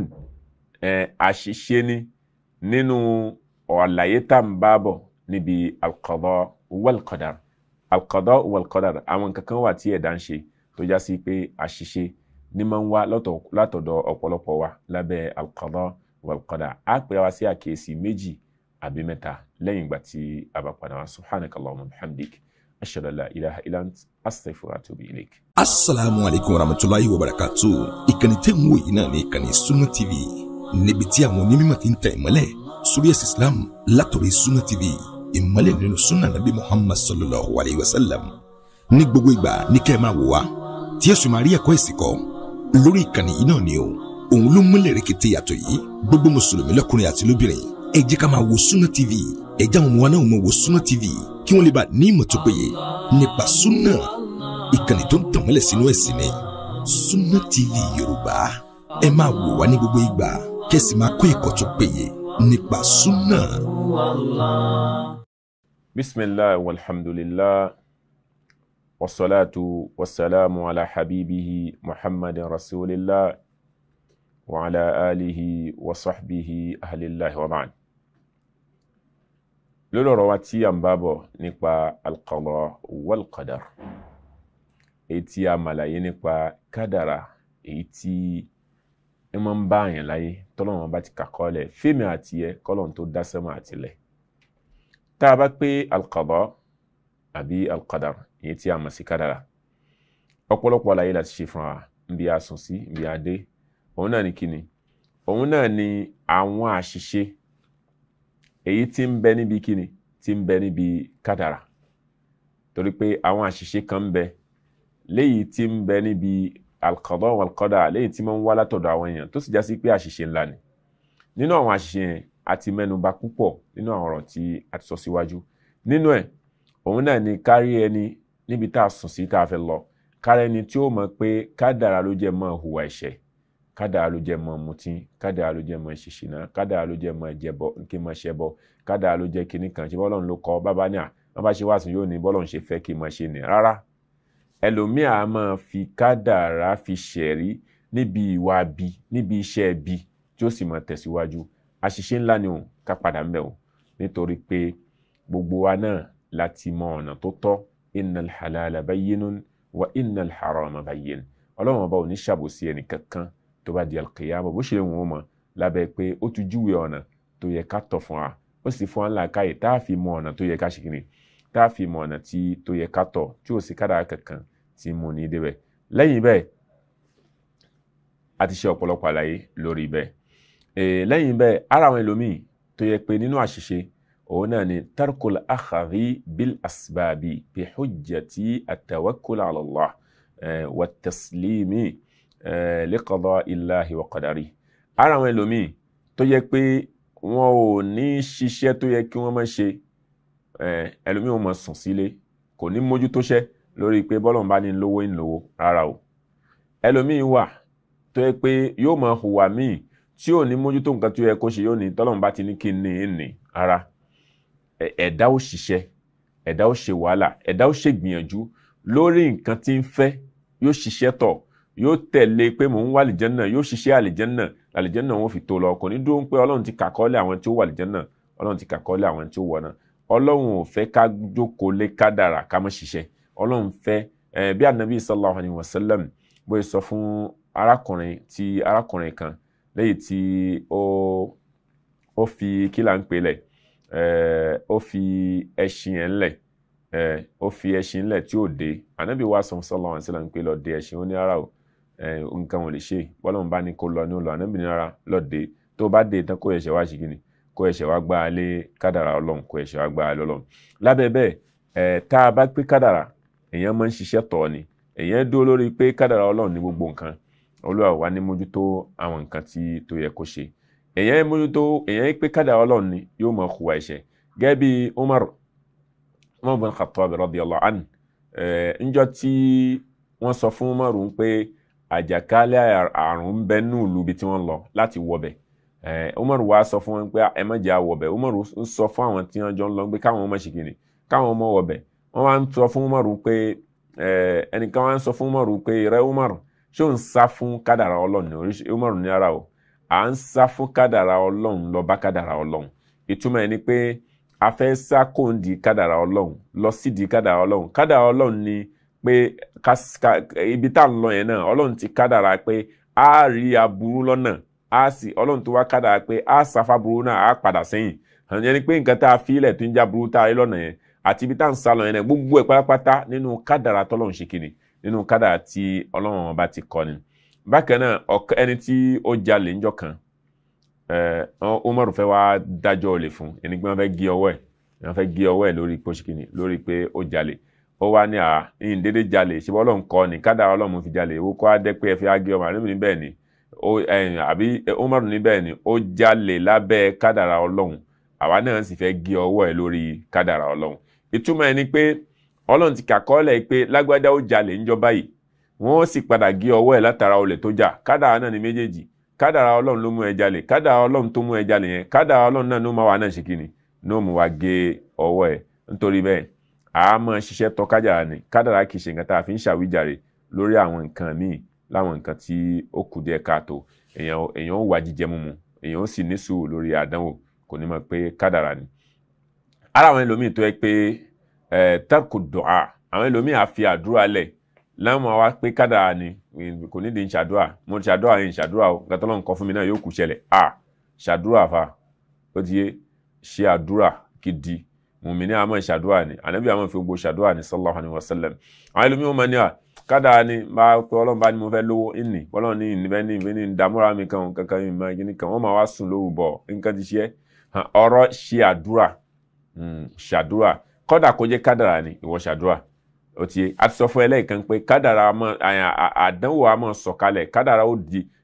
àṣìṣe ni nínú ọ̀làyé tá à ń bá bọ̀ níbi alqada wal qadar alqada wal qadar àwọn nǹkan kan wà tí ẹ̀dá ń ṣe tó já sí pé àṣìṣe ní máa ń wá látọ̀dọ̀ ọ̀pọ̀lọpọ̀ wa lábẹ́ alqada wal á pè wá sí àkíyèsí méjì àbí mẹ́ta lẹ́yìn ìgbà tí a bá padà wá subhanakallahumma bihamdik ashhadu an la ilaha illa ant astaghfiruka wa atubu ilaik. asalaamu alaykum wa rahmatulahi wa barakatu ìkànnì tẹ́ ń wò yìí náà ní ìkànnì Sunna TV níbi tí àwọn onímọ̀ ti ń tẹ̀ ìmọ́lẹ̀ sórí ẹ̀sìn Islam látọ̀rí Sunna TV ìmọ́lẹ̀ nínú sunna nabi Muhammad sallallahu alayhi wa sallam ní gbogbo ìgbà ní kẹ́ ẹ máa wò wá tí ẹ sì máa rí ẹ̀kọ́ ẹ̀sìn lórí ìkànnì yìí náà ni o òun ló múlẹ̀ rẹ̀kẹ̀tẹ̀ yàtọ̀ yìí gbogbo mùsùlùmí lọ́kùnrin àti lóbìnrin ẹ jẹ́ ká máa wo Sunna TV ẹ já wọn wọn náà mọ wo Sunna TV kí wọ́n lè bá ní ìmọ̀ tó péye nípa Sunna ìkànnì tó ń tànmọ́lẹ̀ sínú ẹ̀sìn ni Sunna TV Yorùbá ẹ máa wò wá ní gbogbo ìgbà kẹ́sì máa kó ẹ̀kọ́ tó péye nípa Sunna. bisimilahi walhamdulilah wasalaatu wasalaamu ala habibihi muhammadin rasulillah wa ala alihi wa sahbihi ahlillahi wa ba'd lórí ọ̀rọ̀ wa tí à ń bá bọ̀ nípa alqada walqadar èyí tí a màlàyé nípa kádàrà èyí tí ẹ máa ń bá àyàn láyé tọ́lọ́wọ́n bá ti kàkọ́lẹ̀ fíìmù àti ẹ kọ́lọ́n tó dá sẹ́mọ̀ àtìlẹ̀ tá a bá pé alqada àbí alqadar èyí tí a mọ̀ sí kádàrà ọ̀pọ̀lọpọ̀ àlàyé láti ṣe fún wa nbí a sùn sí nbí a dé òun náà ni kíni òun náà ni àwọn àṣìṣe èyí tí ń bẹ níbi kíni tí ń bẹ níbi kádàrà torí pé àwọn àṣìṣe kan ń bẹ léyìí tí ń bẹ níbi alqada walqada léyìí tí máa ń wá látọ̀dọ̀ àwọn èèyàn tó sì já sí pé àṣìṣe ńlá ni nínú àwọn àṣìṣe yẹn a ti mẹ́nuba púpọ̀ nínú àwọn ọ̀rọ̀ tí a ti sọ síwájú nínú ẹ̀ òun náà ni kárí ẹni níbi tá a sùn sí tá a fẹ́ lọ kárí tí ó mọ̀ pé kádàrà ló jẹ́ mọ́ hùwà ẹ̀ṣẹ̀ Kada ló jẹ́ mọ́ mutí kádàá ló jẹ́ mọ́ ṣìṣìnà kádàá ló jẹ́ mọ́ jẹbọ kí mọ́ ṣẹbọ kádàá ló jẹ́ kinní kan ṣe bọ́lọ́run ló kọ́ bàbá ní à wọ́n bá ṣe wá sùn yóò ní bọ́lọ́run ṣe fẹ́ kí mọ́ ṣe nì rárá ẹlòmíì máa fi kádàrá fi ṣẹ̀rí níbi ìwà bi níbi iṣẹ́ bi tí ó sì máa tẹ̀síwájú àṣìṣe ńlá ni òun ká padà ń bẹ̀ o nítorí pé gbogbo wa náà láti mọ ọ̀nà tó tọ́ innal halala bayyinun wa innal harama bayyin ọlọ́run ọba ò ní ṣàbòsí ẹnì kankan tó bá di alkiyama bó ṣe lè wọ́n mọ̀ lábẹ́ pé ó ti júwe ọ̀nà tó yẹ ká tọ̀ fún wa ó sì fún wa làákàyè tá a fi mọ ọ̀nà tó yẹ ká ṣe kiri tá a fi mọ ọ̀nà tí tó yẹ ká tọ̀ tí ò sí kádàá kankan tí mo ní débẹ̀ lẹ́yìn bẹ́ẹ̀ a ti ṣe ọ̀pọ̀lọpọ̀ àlàyé lórí bẹ́ẹ̀ lẹ́yìn bẹ́ẹ̀ ara àwọn ẹlòmíì tó yẹ pé nínú àṣìṣe òun náà ni tarkul akhadhi bil asbabi bi hujjati at-tawakkul wa taslimi. Eh, liqada illahi wa qadari ara àwọn ẹlòmíì tó yẹ pé wọn ò ní ṣiṣẹ́ tó yẹ kí wọ́n máa ṣe eh, ẹlòmíì ò máa sùn sílé kò ní mójútó ṣẹ́ lórí pé bọ́lọ̀ bá ní lówó ń lówó rárá o ẹlòmíì wà tó yẹ pé yóò máa hùwà míì tí ò ní mójútó nǹkan tó yẹ kó ṣe yóò ní tọ́lọ́run bá ti ní kí n ìní ara ẹ̀dá ò ṣiṣẹ́ ẹ̀dá ò ṣe wàhálà ẹ̀dá ò ṣègbìyànjú lórí nǹkan tí ń fẹ́ yóò ṣiṣẹ́ tọ̀ yóò tẹ̀lé pé mò ń wà àlìjẹ́nà yóò ṣiṣẹ́ àlìjẹ́nà àlìjẹ́nà wọn fi tó lọ kò ní dúró pé ọlọ́run ti kàkọ́lẹ̀ àwọn tí ó wà àlìjẹ́nà ọlọ́run ti kàkọ́lẹ̀ àwọn tí ó wọ̀ náà ọlọ́run ò fẹ́ ká jókòó lé kádàrà ká mọ́ ṣiṣẹ́ ọlọ́run fẹ́ bí anabi sallallahu alayhi wa sallam bóyá sọ fún arákùnrin tí arákùnrin kan lẹ́yìn tí ó ó fi kílà ń pelẹ̀ ó fi ẹṣin ẹ̀ ńlẹ̀ ó fi ẹṣin anabi wa sallallahu alayhi wa sallam ń pe lọ ó Eh, nǹkan ò lè ṣe bọ́lọ́run bá ní kó lọ ní ó lọ ànábì ní rárá lọ́ọ̀dẹ tó bá dé tán kó ẹ̀ṣẹ̀ wá ṣe kí ni kó ẹ̀ṣẹ̀ wá gbá lé kádàrà ọlọ́run kó ẹ̀ṣẹ̀ wá gbá lé ọlọ́run lábẹ́ bẹ́ẹ̀ ẹ̀ eh, tá a bá pé kádàrà èèyàn máa ń ṣiṣẹ́ tọ̀ ni èèyàn dúró lórí pé kádàrà ọlọ́run ní gbogbo nǹkan olúwa wà ní mójútó àwọn nǹkan tí tó yẹ kó ṣe èèyàn mójútó èèyàn pé eh, pé àjàkálẹ̀ àrùn ń bẹ nínú ìlú ibi tí wọ́n lọ láti wọbẹ̀ eh, Umaru wa sọ fún wọn pé ah, ẹ má jẹ́ àwọ̀bẹ̀ Umaru ń sọ fún àwọn tí wọ́n jọ ń lọ pé káwọn ọmọ ṣì kìnnì káwọn ọmọ wọbẹ̀ wọ́n wá sọ fún Umaru pé eh, ẹnìkan wá ń sọ fún Umaru pé rẹ Umaru ṣé ò ń sá fún kádàrà Ọlọ́run oríṣi Umaru ní ara o à ń sá fún kádàrà Ọlọ́run lọ bá kádàrà Ọlọ́run ìtumọ̀ a fẹ́ sá kóńdì kádàrà Ọlọ́run pé ibi tá à ń lọ yẹn náà ọlọ́run ti kádàrà pé a rí aburú lọ́nà a sì ọlọ́run tó wá kádàrà pé a sáfà burú náà a padà sẹ́yìn àwọn yẹn ni pé nǹkan tá a fi ilẹ̀ tó ń já burú tá a rí lọ́nà yẹn àti ibi tá à ń sá lọ yẹn náà gbogbo ẹ̀ pátápátá nínú kádàrà tọ́lọ́run ṣe kiri nínú kádàrà tí ọlọ́run ọba ti kọ́ ni bákan náà ẹni tí ó jalè ńjọ́ kan eh, Umaru fẹ́ wá dájọ́ olè fún ẹni pé wọ́n fẹ́ gé ọwọ́ ẹ̀ wọ́n fẹ́ lórí pé ó ṣe kiri ó wá ní àá ń dédé jalè ṣe bọ́ ọlọ́run kọ́ ni kádà ọlọ́run fi jalè ewu kọ́ á dẹ́ pé ẹ fi ọmọ àlẹ́ mi níbẹ̀ ni àbí ni ó jalè lábẹ́ kádàrà ọlọ́run àwa náà sì fẹ́ gé ọwọ́ ẹ lórí ọlọ́run ìtumọ̀ ẹ ni pé ọlọ́run ti pé lágbádá ó jalè yìí wọ́n sì padà gé ọwọ́ látara olè tó a máa ṣiṣẹ́ tọ́ kádàrá ni kádàrá kì í ṣe nǹkan tá a fi ń ṣàwíjàre lórí àwọn nǹkan míì láwọn nǹkan tí ó kù díẹ̀ káàtó èèyàn èèyàn ó wà jíjẹ múmu èèyàn ó sì ní sùúrù lórí àdánwò kò ní mọ̀ pé kádàrá ni. ara àwọn ẹlòmíì tó yẹ pé ẹ tákù dùà àwọn ẹlòmíì á fi àdúrà lẹ̀ láwọn wá pé kádàrá ni kò nídìí ń ṣàdúrà mo ti ṣàdúrà yẹn ṣàdúrà o nǹkan tọ́lọ́ nǹkan fún mi náà yóò kù ṣẹlẹ̀ à ṣàdúrà fa ó ti yé ṣe àdúrà gidi mùmíní àmọ́ ìṣàdúrà ni ànábì àmọ́ fi gbogbo ìṣàdúrà ni sallallahu alayhi wa sallam àwọn ẹlòmíì wọn máa ní à ni máa pe ọlọ́run bá ní mo fẹ́ lówó ìní ọlọ́run ní ìníbẹ́ ní ìbí ní ìdámúra mi kan kankan ìmọ̀ ìgbìnì kan wọ́n máa wá sùn lóru bọ̀ nǹkan ti ṣe ọ̀rọ̀ ṣe àdúrà hmm, ṣàdúrà kọ́dà kó jẹ́ kádàrà ni ìwọ ṣàdúrà ó ti a ti sọ fún ẹlẹ́ẹ̀kan pé kádàrà àdánwò a máa sọ̀kalẹ̀ kádàrà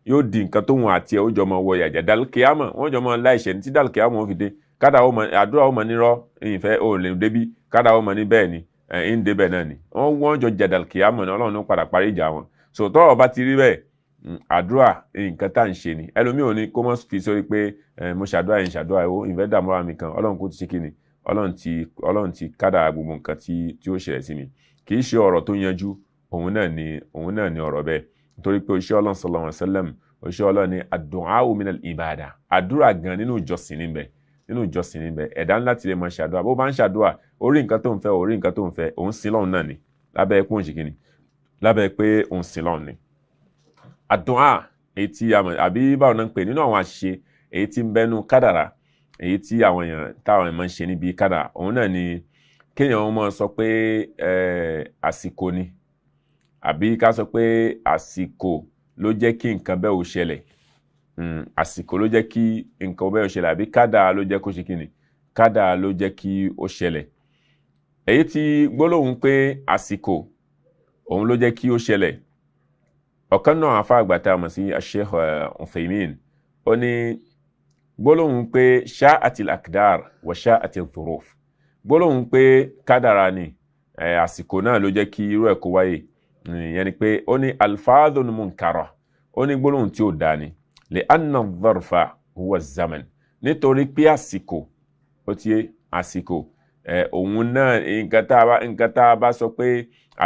yóò di nǹkan tóun àti ẹ̀ ó jọ máa wọ yàjà dàlùkìyàmọ̀ wọ́n jọ máa láìṣẹ̀ ní tí dàlùkìyàmọ̀ fi dé Kada ó mọ àdúrà ó mọ nírọ́ ìyìnfẹ́ ó lè débi kádà ó mọ ní bẹ́ẹ̀ ni ń débẹ̀ náà ni wọ́n wọ́n jọ jàdàlùkì àmọ́ ní ọlọ́run ló padà parí ìjà wọn sòtọ́ ọba ti rí bẹ́ẹ̀ mm, àdúrà nǹkan tá à ń ṣe ni ẹlòmíì ò ní kó mọ́ fi sórí pé mo ṣàdúrà yẹn ṣàdúrà ìwọ ìfẹ́ dààmúra mi kan ọlọ́run kò ti ṣe kí ni ọlọ́run ti ọlọ́run ti kádà gbogbo nǹkan tí tí ó ṣẹlẹ̀ sí mi kì í ṣe ọ̀rọ̀ tó yanjú òun náà ni òun náà ni ọ̀rọ̀ bẹ́ẹ̀ nítorí pé oṣù ọlọ́run sallallahu alaihi oṣù ọlọ́run ni àdùn áwòmínà ìbàdà àdúrà gan nínú ìjọsìn níbẹ̀ nínú ìjọsìn níbẹ̀ ẹ̀dá ńlá ti lè máa ṣàdúrà bó bá ń ṣàdúrà orí nǹkan tó ń fẹ́ orí nǹkan tó ń fẹ́ òun sin lọ́hùn náà ni lábẹ́ pé òun ṣe kíni lábẹ́ pé òun sin lọ́hùn ni. àdúà èyí tí a mọ̀ àbí báwo náà ń pè nínú àwọn àṣe èyí tí ń bẹ́nu kádàrà èyí tí àwọn èèyàn táwọn èèyàn máa ń ṣe níbi kádàrà òun náà ni kéèyàn máa sọ pé àsìkò ni àbí ká sọ pé àsìkò ló jẹ́ kí nǹkan bẹ́ẹ̀ ò ṣẹlẹ̀ Mm, àsìkò ló jẹ́ kí nǹkan bẹ́ẹ̀ ṣẹlẹ̀ àbí kádà ló jẹ́ kó ṣe kí ni kádà ló jẹ́ kí ó ṣẹlẹ̀ èyí tí gbólóhùn pé àsìkò òun ló jẹ́ kí ó ṣẹlẹ̀ ọ̀kan náà àfa àgbà tá a mọ̀ sí Sheikh uh, Uthaymin ó ní gbólóhùn pé sha'atil akdar wa sha'atil dhuruf gbólóhùn pé kádàrà ni àsìkò náà ló jẹ́ kí irú ẹ̀ kó wáyé ìyẹn ni pé ó ní alfaadhun munkara ó ní gbólóhùn tí ó dáa ni lè anna dharfa huwa zaman nítorí pé àsìkò ó ti yé àsìkò ẹ òun náà nǹkan tá a bá nǹkan tá a bá sọ pé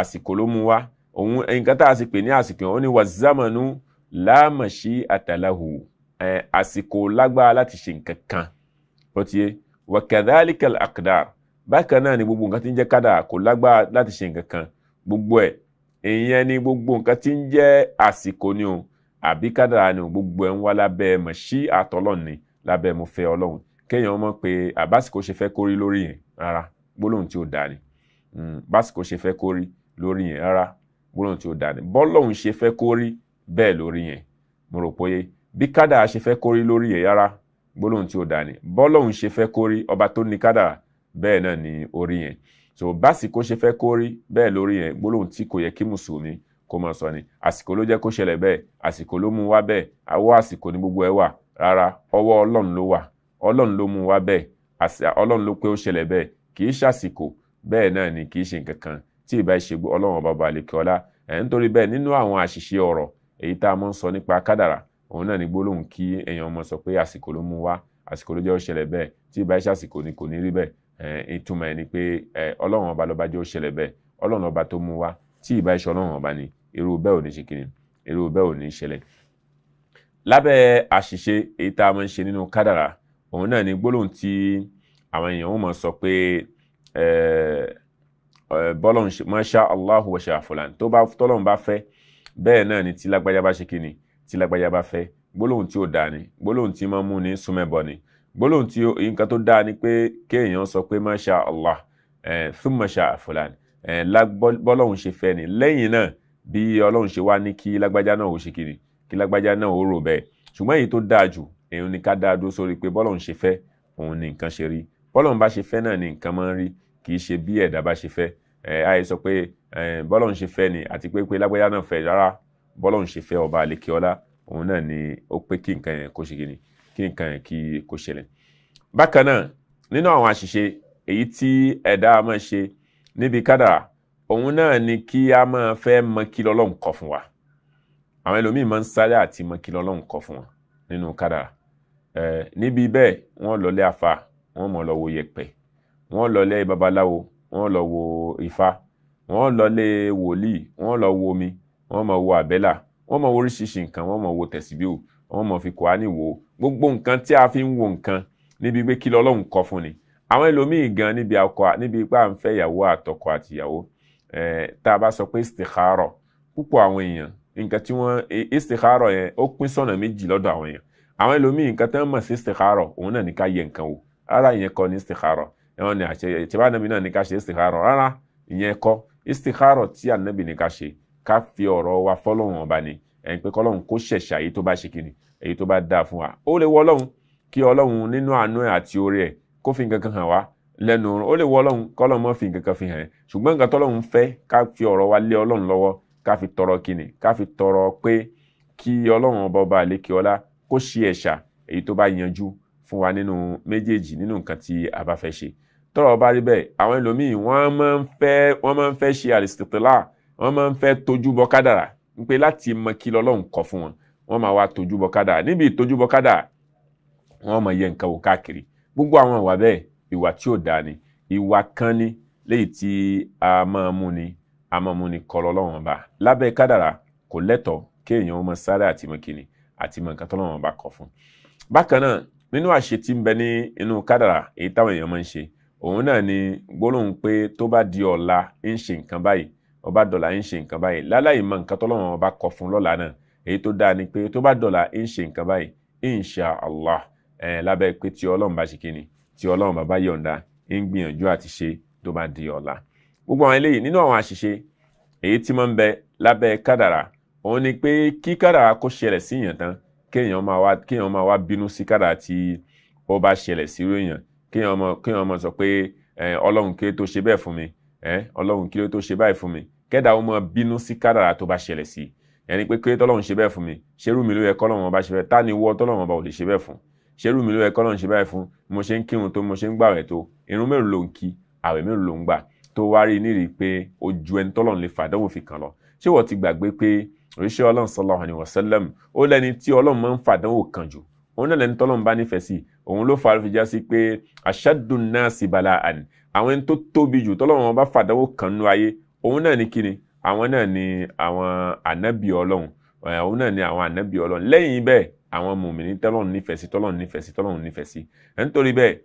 àsìkò ló mú wá òun nǹkan tá a sì pè ní àsìkò ó ní wà zamanu láàmàṣí àtàláhù ẹ àsìkò lágbára láti ṣe nǹkan kan ó ti yé wa kadhalika al bákan náà ni gbogbo nǹkan tí ń jẹ́ kádà kò lágbára láti ṣe nǹkan kan gbogbo ẹ̀ ìyẹn ni gbogbo nǹkan tí ń jẹ́ àsìkò ni o àbí kádàrá ni gbogbo ẹ̀ ń wá lábẹ́ mọ̀ sí àtọ́lọ́run ni lábẹ́ mo fẹ́ ọlọ́run kéèyàn mọ̀ pé àbásìkò ṣe fẹ́ kórí lórí yẹn rárá gbólóhùn tí ó dà ní básìkò ṣe fẹ́ kórí lórí yẹn rárá gbólóhùn tí ó dà ní bọ́lọ́hùn ṣe fẹ́ kórí bẹ́ẹ̀ lórí yẹn mo rò pé bí kádàrá ṣe fẹ́ kórí lórí yẹn rárá gbólóhùn tí ó dà ní bọ́lọ́hùn ṣe fẹ́ kórí ọba tó ní kádàrá bẹ́ẹ̀ náà ní orí yẹn so básìkò ṣe fẹ́ kórí bẹ́ẹ̀ lórí yẹn gbólóhùn tí kò yẹ kí mùsùlùmí kó máa sọ ni àsìkò ló jẹ́ kó ṣẹlẹ̀ bẹ́ẹ̀ àsìkò ló mú wá bẹ́ẹ̀ àwọ̀ àsìkò ni gbogbo ẹ̀ wà rárá ọwọ́ ọlọ́run ló wà ọlọ́run ló mú wá bẹ́ẹ̀ ọlọ́run ló pé ó ṣẹlẹ̀ bẹ́ẹ̀ kì í ṣàsìkò bẹ́ẹ̀ náà ni kì í ṣe nǹkan kan tí ìbá ṣe ọlọ́run ọba balẹ̀kẹ́ ọlá ẹ̀ nítorí bẹ́ẹ̀ nínú àwọn àṣìṣe ọ̀rọ̀ èyí tá a mọ̀ ń sọ nípa kádàrà òun náà ni gbólóhùn kí èèyàn mọ̀ sọ pé àsìkò ló mú wá àsìkò ló jẹ́ ó ṣẹlẹ̀ bẹ́ẹ̀ tí ìbá ṣàsìkò ni kò ní rí bẹ́ẹ̀ ìtumọ̀ ẹ̀ ni pé ọlọ́run ọba lọ́ba jẹ́ ó ṣẹlẹ̀ bẹ́ẹ̀ ọlọ́run ọba tó mú wá tí ìbá ṣe ọlọ́run ọba ni irú bẹ́ẹ̀ ò ní ṣe kíni irú bẹ́ẹ̀ ò ní ṣẹlẹ̀ lábẹ́ àṣìṣe èyí tá a máa ń ṣe nínú kádàrà òun náà ni gbólóhùn tí àwọn èèyàn máa sọ pé bọ́lọ̀ masha Allahu wa sha fulan tó bá tọ́lọ́hún bá fẹ́ bẹ́ẹ̀ náà ni tí lágbájá bá ṣe kíni tí lágbájá bá fẹ́ gbólóhùn tí ó dáa ni gbólóhùn tí máa ń mú ní súnmẹ́bọ ni gbólóhùn tí nǹkan tó dáa ni pé kéèyàn sọ pé masha Allah thumma sha fulan bọ́lọ́hún ṣe fẹ́ ni lẹ́yìn náà bí ọlọ́run ṣe wá ní kí lágbájá náà ó ṣe kiri kí lágbájá náà ó rò bẹ́ẹ̀ ṣùgbọ́n èyí tó dáa jù èyí ni ká dáa dúró sórí pé bọ́lọ́run ṣe fẹ́ òun ni nǹkan ṣe rí bọ́lọ́run bá ṣe fẹ́ náà ni nǹkan máa ń rí kì í ṣe bí ẹ̀dá bá ṣe fẹ́ àyè sọ pé bọ́lọ́run ṣe fẹ́ ni àti pé pé lágbájá náà fẹ́ rárá bọ́lọ́run ṣe fẹ́ ọba àlekè ọlá òun náà ni ó pé kí nǹkan yẹn kó ṣe kí ni kí nǹkan yẹn kí kó ṣẹlẹ̀ bákan náà nínú àwọn àṣìṣe èyí tí ẹ̀dá máa ṣe níbi kádàrá òun náà ni kí a máa fẹ́ mọ kí lọ́lọ́run kọ fún wa àwọn ẹlòmíì máa ń sáré àti mọ kí lọ́lọ́run kọ fún wọn nínú kádàrá ẹ níbi bẹ́ẹ̀ wọ́n lọlé afa wọ́n mọ̀ lọ wo yẹ̀pẹ̀ wọ́n lọlé babaláwo wọ́n lọ wo ifá wọ́n lọlé wòlíì wọ́n lọ wo omi wọ́n mọ̀ wo àbẹ́là wọ́n mọ̀ oríṣiríṣi nǹkan wọ́n mọ̀ wo tẹ̀síbíò wọ́n mọ̀ fi kùránì wo gbogbo nǹkan tí a fi ń wo nǹkan níbi pé kí lọ́lọ́run kọ fún ni àwọn ẹlòmíì gan níbi akọ níbi ipá ń fẹ́ ìyàwó àtọkọ àtìyàwó tá a bá sọ pé istikharo púpọ̀ àwọn èèyàn nǹkan tí wọ́n istikharo yẹn ó pín sọ́nà méjì lọ́dọ̀ àwọn èèyàn àwọn ẹlòmíì nǹkan tẹ́ ń mọ̀ sí istikharo òun náà ní ká yẹ nǹkan wò rárá ìyẹn kọ́ ní istikharo ẹ̀wọ̀n ni àṣẹ ìtìbá nàbí náà ní ká ṣe istikharo rárá ìyẹn kọ́ istikharo tí ànábì ní ká ṣe ká fi ọ̀rọ̀ wa fọ́lọ́run ọba ni ẹ̀ ń pé kọ́lọ́run kó ṣẹ̀ṣà èyí tó bá ṣe kíni èyí tó bá dáa fún wa ó lè wọ ọlọ́run kí ọlọ́run nínú àánú ẹ̀ àti oore ẹ̀ kó fi nǹkan kan hàn wá lẹ́nu ọ̀run ó lè wọ ọlọ́run kọ́lọ́run má fi nǹkan kan fi hàn ẹ́ ṣùgbọ́n nǹkan tọ́lọ́run fẹ́ ká fi ọ̀rọ̀ wa lé ọlọ́run lọ́wọ́ ká fi tọrọ kíni ká fi tọrọ pé kí ọlọ́run ọba ọba àlékè ọlá kó ṣe ẹ̀ṣà èyí tó bá yanjú fún wa nínú méjèèjì nínú nǹkan tí a bá fẹ́ ṣe tọ́rọ̀ bá rí bẹ́ẹ̀ àwọn ẹlòmíín wọ́n máa ń fẹ́ wọ́n máa ń fẹ́ ṣe àlìsìtìlá wọ́n máa ń fẹ́ tójú bọ kádàrà ń pé láti mọ kí lọ́lọ́run kọ fún wọn wọ́n máa wá tójú bọ kádàrà níbi ìtójú bọ kádàrà wọ́n máa yẹ nǹkan wò káàkiri gbogbo àwọn ìwà bẹ́ẹ̀ ìwà tí ò dáa ni ìwà kan ni léyìí tí a máa mú ni a máa mú ni kọlọ Ọlọ́run ọba lábẹ́ kádàrá kò lẹ́tọ̀ọ́ kéèyàn ó mọ sáré àti mọ kíni àti mọ nǹkan tọ́lọ́run ọba kọ fún bákan náà nínú àṣẹ tí ń bẹ ní inú kádàrá èyí táwọn èèyàn máa ń ṣe òun náà ni gbólóhùn pé tó bá di ọ̀la ń ṣe nǹkan báyìí ọba dọ̀la ń ṣe nǹkan báyìí láláì mọ nǹkan tọ́lọ́run ọba kọ fún lọ́la náà èyí tó dáa ni pé tó bá dọ̀la ń ṣe nǹkan báyìí insha allah ẹ̀ lábẹ́ pé tí ọlọ́run bá ṣe kí ni tí ọlọ́run bàbá yọ̀ǹda ń gbìyànjú àti ṣe tó bá di ọ̀la gbogbo àwọn eléyìí nínú àwọn àṣìṣe èyí tí máa ń bẹ lábẹ́ kádàrà òun ni pé kí kádàrà kó ṣẹlẹ̀ sí èèyàn tán kéèyàn máa wá kéèyàn máa wá bínú sí kádàrà tí ó bá ṣẹlẹ̀ sí irú èèyàn kéèyàn máa kéèyàn máa sọ pé ọlọ́run kí ló tó ṣe bẹ́ẹ̀ fún mi ọlọ́run kí ló tó ṣe báyìí fún mi kẹ́dà ó máa bínú sí kádàrà tó bá ṣẹlẹ̀ sí ẹni pé kí ló tọ́lọ́run ṣe bẹ́ẹ̀ fún mi ṣerú mi ló yẹ kọ́lọ́run ọba ṣe bẹ́ẹ̀ ta ni wọ́ tọ́lọ́run ọba ò lè ṣe bẹ́ẹ̀ fún ṣerú mi ló yẹ kọ́lọ́n ṣe báyìí fún mo ṣe ń kírun tó mo ṣe ń gbàwẹ̀ tó irun mélòó ló ń kí àwẹ̀ mélòó ló ń gbà tó wá rí nírìí pé ojú ẹni tọ́lọ́run lè fàdánwò fi kàn lọ ṣé wọ́n ti gbàgbé pé òṣìṣẹ́ ọlọ́run sallallahu alaihi wasallam ó lẹ́ni tí ọlọ́run máa ń fàdánwò kàn jù òun náà lẹ́ni tọ́lọ́run bá nífẹ̀ẹ́ sí òun ló fa fìjà sí pé ashaddu nnasi bala'an àwọn ẹni tó tóbi jù tọ́lọ́run wọn bá fàdánwò kàn nú ayé òun náà ní kíni àwọn náà ní àwọn ànábì ọlọ́run òun náà ní àwọn ànábì ọlọ́run lẹ́yìn bẹ́ẹ̀ àwọn mùmìnì tọ́lọ́run nífẹ̀ẹ́ sí tọ́lọ́run nífẹ̀ẹ́ sí tọ́lọ́run nífẹ̀ẹ́ sí ẹ̀ nítorí bẹ́ẹ̀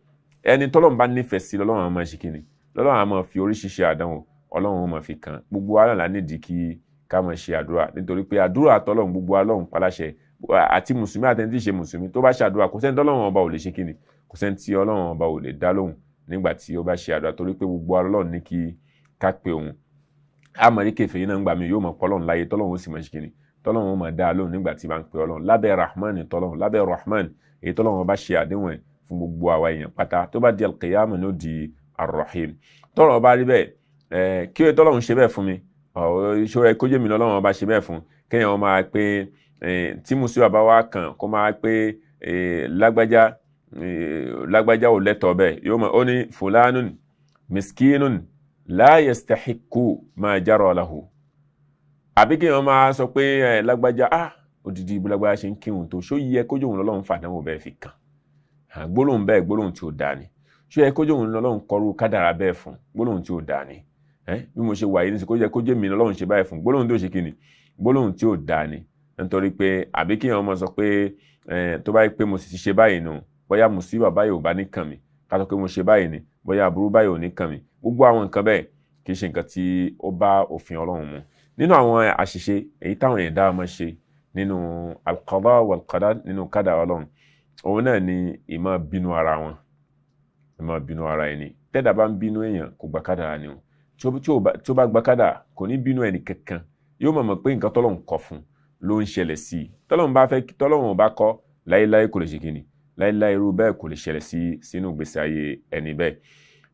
ẹni tọ́lọ́run bá nífẹ̀ẹ́ sí lọ́lọ́run á máa ṣe kíni lọ́lọ́run á máa fi oríṣiríṣi àdánwò ọlọ́run ó máa fi kàn gbogbo aláǹlá nídìí kí ká máa ṣe àdúrà nítorí pé àdúrà tọ́lọ́run gbogbo alọ́run paláṣẹ àti mùsùlùmí àtẹni tí ṣe mùsùlùmí tó bá ṣe àdúrà kò sẹ́ni tọ́lọ́run ọba ò lè ṣe kíni kò sẹ́ni tí ọlọ́run ọba ò lè dá lóhùn nígbà tí ó bá ṣe àdúrà torí pé gbogbo alọ́run ní kí ká pe òun amọ̀ríkèfé yìí náà ń gbà mí yóò mọ̀ pọ́lọ́run láyé tọ́lọ́run ó sì máa ṣe kíni tọ́lọ́run ó máa dá a lóhùn nígbà tí bá ń pè ọlọ́run lábẹ́ rahman tọ́lọ́run lábẹ́ rahman èyí tọ́lọ́run ọba ṣe àdéhùn ẹ̀ fún gbogbo àwa èèyàn pátá tó bá di alqiyama ní ó di arrahim tọ́lọ́run ọba rí bẹ́ẹ̀ ẹ̀ kí ó tọ́lọ́run ṣe bẹ́ẹ̀ fún mi ìṣòro ìkójé mi lọ́lọ́run ọba ṣe bẹ́ẹ̀ fún kéèyàn máa pé tí mùsùlùmí bá wá kàn kó máa pé lágbájá lágbájá ò lẹ́tọ̀ọ́ bẹ́ẹ̀ yóò mọ̀ ó ní fulanun miskinun la yastahiqu ma jara lahu àbí kí wọ́n máa sọ pé ẹ̀ lágbájá ah odidi ibi lágbájá ṣe ń kírun tó ṣó yẹ kójú òun lọ́lọ́run fàdánwò bẹ́ẹ̀ fi kàn gbólóhùn bẹ́ẹ̀ gbólóhùn tí ó dáa ni ṣó yẹ kójú òun lọ́lọ́run kọrú kádàrà bẹ́ẹ̀ fún gbólóhùn tí ó dáa ni bí mo ṣe wà yìí nísìkò yẹ kójú èmi lọ́lọ́run ṣe báyìí fún gbólóhùn tó ṣe kí ni gbólóhùn tí ó dáa ni nítorí pé àbí kí wọ́n máa sọ pé tó bá yẹ pé mo nínú àwọn àṣìṣe èyí táwọn ẹ̀dá máa ṣe nínú alqada walqada nínú kádà ọlọ́run òun náà ni ìmọ̀ bínú ara wọn ìmọ̀ bínú ara ẹni tẹ́dà bá ń bínú èèyàn kò gba kádà ni o tí ó bá gba kádà kò ní bínú ẹni kankan yóò mọ̀ mọ̀ pé nǹkan tọ́lọ́run kọ fún ló ń ṣẹlẹ̀ sí i tọ́lọ́run bá fẹ́ tọ́lọ́run bá kọ́ láéláé kò lè ṣe kíni láéláé irú bẹ́ẹ̀ kò lè ṣẹlẹ̀ sí sínú ìgbésí ayé ẹni bẹ́ẹ̀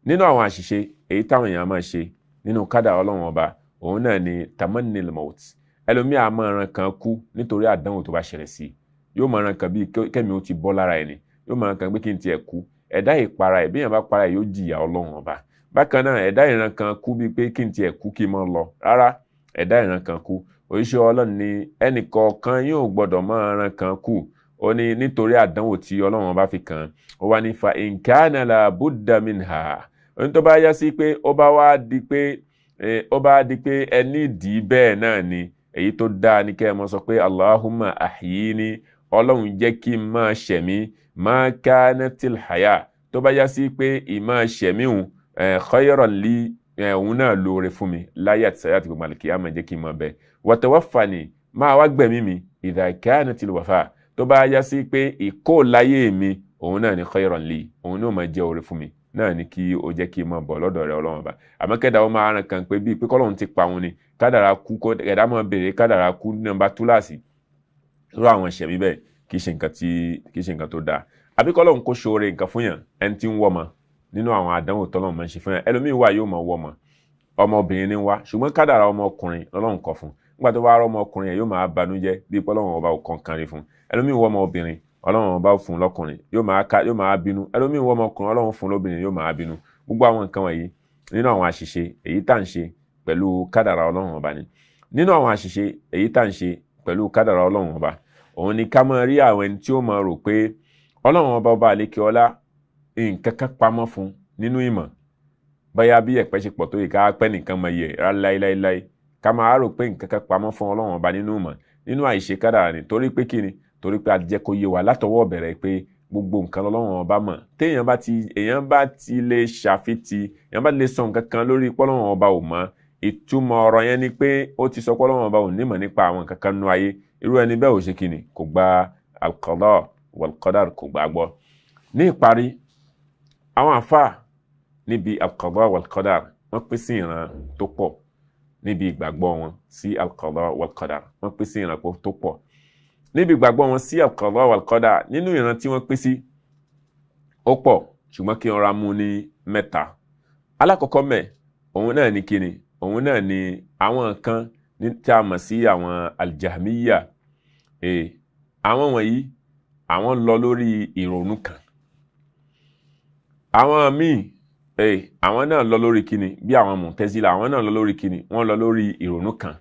nínú àwọn àṣìṣe èyí táwọn èèyàn máa ṣe nínú kádà ọlọ́run ọba òun náà ni tamanil maut ẹlòmíì á máa ran kan kú nítorí àdánwò tó bá ṣẹlẹ̀ sí i yóò máa ran kan bíi kẹ́mi ó ti bọ́ lára ẹni yóò máa ran kan pé kí n tiẹ̀ kú ẹ̀dá ìpara ẹ̀ bíyàn bá para ẹ̀ yóò jìyà ọlọ́run ọba bákan náà ẹ̀dá ìran kan kú bíi pé kí n tiẹ̀ kú kí n mọ́ lọ rárá ẹ̀dá ìran kan kú òjíṣẹ́ ọlọ́run ni ẹnìkọ̀ọ̀kan yóò gbọ́dọ̀ máa ran kan kú ó ní nítorí àdánwò tí ọlọ́run bá fi kàn ó wá ní buddha minha ó ní tó bá ó bá di pé ẹni dì í bẹ́ẹ̀ náà ni èyí tó dáa ni kẹ́ ẹ mọ sọ pé allahumma ahyini ọlọ́run jẹ́ kí n máa ṣẹ̀mí máa kanatil haya tó bá yá sí pé ìmọ̀ ṣẹ̀mí òun khayran li òun náà lóore fún mi láyé àti sáyà àti gbogbo àlèkè àmọ́ jẹ́ kí n máa bẹ watawaffani máa wá gbẹ̀mí mi idha kanatil wafa tó bá yá sí pé ìkó láyé mi òun náà ni khayran li òun náà máa jẹ́ oore fún mi náà ni kí o jẹ́ kí n máa bọ̀ lọ́dọ̀ rẹ ọlọ́run ọba àmọ́ kẹ́dà ó máa ràn kàn pé bíi pé kọ́lọ́run ti pa òun ni kádàrá kú kẹ́dà máa béèrè kádàrá kú nọ́mbà túláàsì lórí àwọn ìṣẹ̀mí bẹ́ẹ̀ kì í ṣe nǹkan tí kì í ṣe nǹkan tó dáa àbí kọ́lọ́run kó ṣoore nǹkan fún yàn ẹni tí ń wọ́ ọmọ nínú àwọn àdánwò tọ́lọ́run máa ń ṣe fún yàn ẹlòmíín wà yóò máa wọ́ ọmọ ọmọbìnrin ni wá ṣùgbọ́n kádàrá ọmọkùnrin lọ́lọ́run kọ fún nígbà tó bá rọ ọmọkùnrin yẹn yóò máa banújẹ́ bí pọ́lọ́run ọba ò kàn rí fún ẹlòmíín wọ́ ọmọbìnrin ọlọ́run bá fún un lọ́kùnrin yóò máa ká yóò máa bínú ẹlòmíín wọ́n ọmọkùnrin ọlọ́run fún lóbìnrin yóò máa bínú gbogbo àwọn nǹkan wọ̀nyí nínú àwọn àṣìṣe èyí tá à ń ṣe pẹ̀lú kádàrà ọlọ́run ọba ni nínú àwọn àṣìṣe èyí tá à ń ṣe pẹ̀lú kádàrà ọlọ́run ọba òun ni ká máa rí àwọn ẹni tí ó máa rò pé ọlọ́run ọba ọba àlékè ọlá nǹkan kan pamọ́ fún nínú ìmọ̀ báyà bí ẹ̀pẹ́ ṣe pọ̀ tó yìí ká pẹ́ nìkan mọ iye rà ká máa rò pé nǹkan kan pamọ́ fún ọlọ́run ọba nínú ìmọ̀ nínú àìṣe kádàrà ni torí pé kí torí pé a jẹ́ kó yé wa látọwọ́ bẹ̀rẹ̀ pé gbogbo nǹkan lọ́lọ́run ọba mọ̀ téèyàn bá ti èèyàn bá ti lè ṣàfitì èèyàn bá ti lè sọ nǹkan kan lórí pọ́lọ́run ọba ò mọ̀ ìtumọ̀ ọ̀rọ̀ yẹn ni pé ó ti sọ pọ́lọ́run ọba ò nímọ̀ nípa àwọn nǹkan kan nú ayé irú ẹni bẹ́ẹ̀ ò ṣe kìnnì kò gba alqada walqadar kò gbà gbọ́ ní ìparí àwọn àfa níbi alqada walqadar wọ́n pín sí ìran tó pọ̀ níbi ìgbàgbọ́ wọn sí alqada walqadar wọ́n pín sí ìran tó pọ̀ níbi ìgbàgbọ́ wọn sí al-qada wal-qadar nínú ìran tí wọ́n pín sí ó pọ̀ ṣùgbọ́n kí n ra mú ní mẹ́ta alákọ̀ọ́kọ́ mẹ́ òun náà ní kíni òun náà ní àwọn kan ní tá a mọ̀ sí àwọn aljahmiya ee àwọn wọ̀nyí àwọn lọ lórí ìrònú kan àwọn míì ee àwọn náà lọ lórí kíni bí àwọn mutazila àwọn náà lọ lórí kíni wọ́n lọ lórí ìrònú kan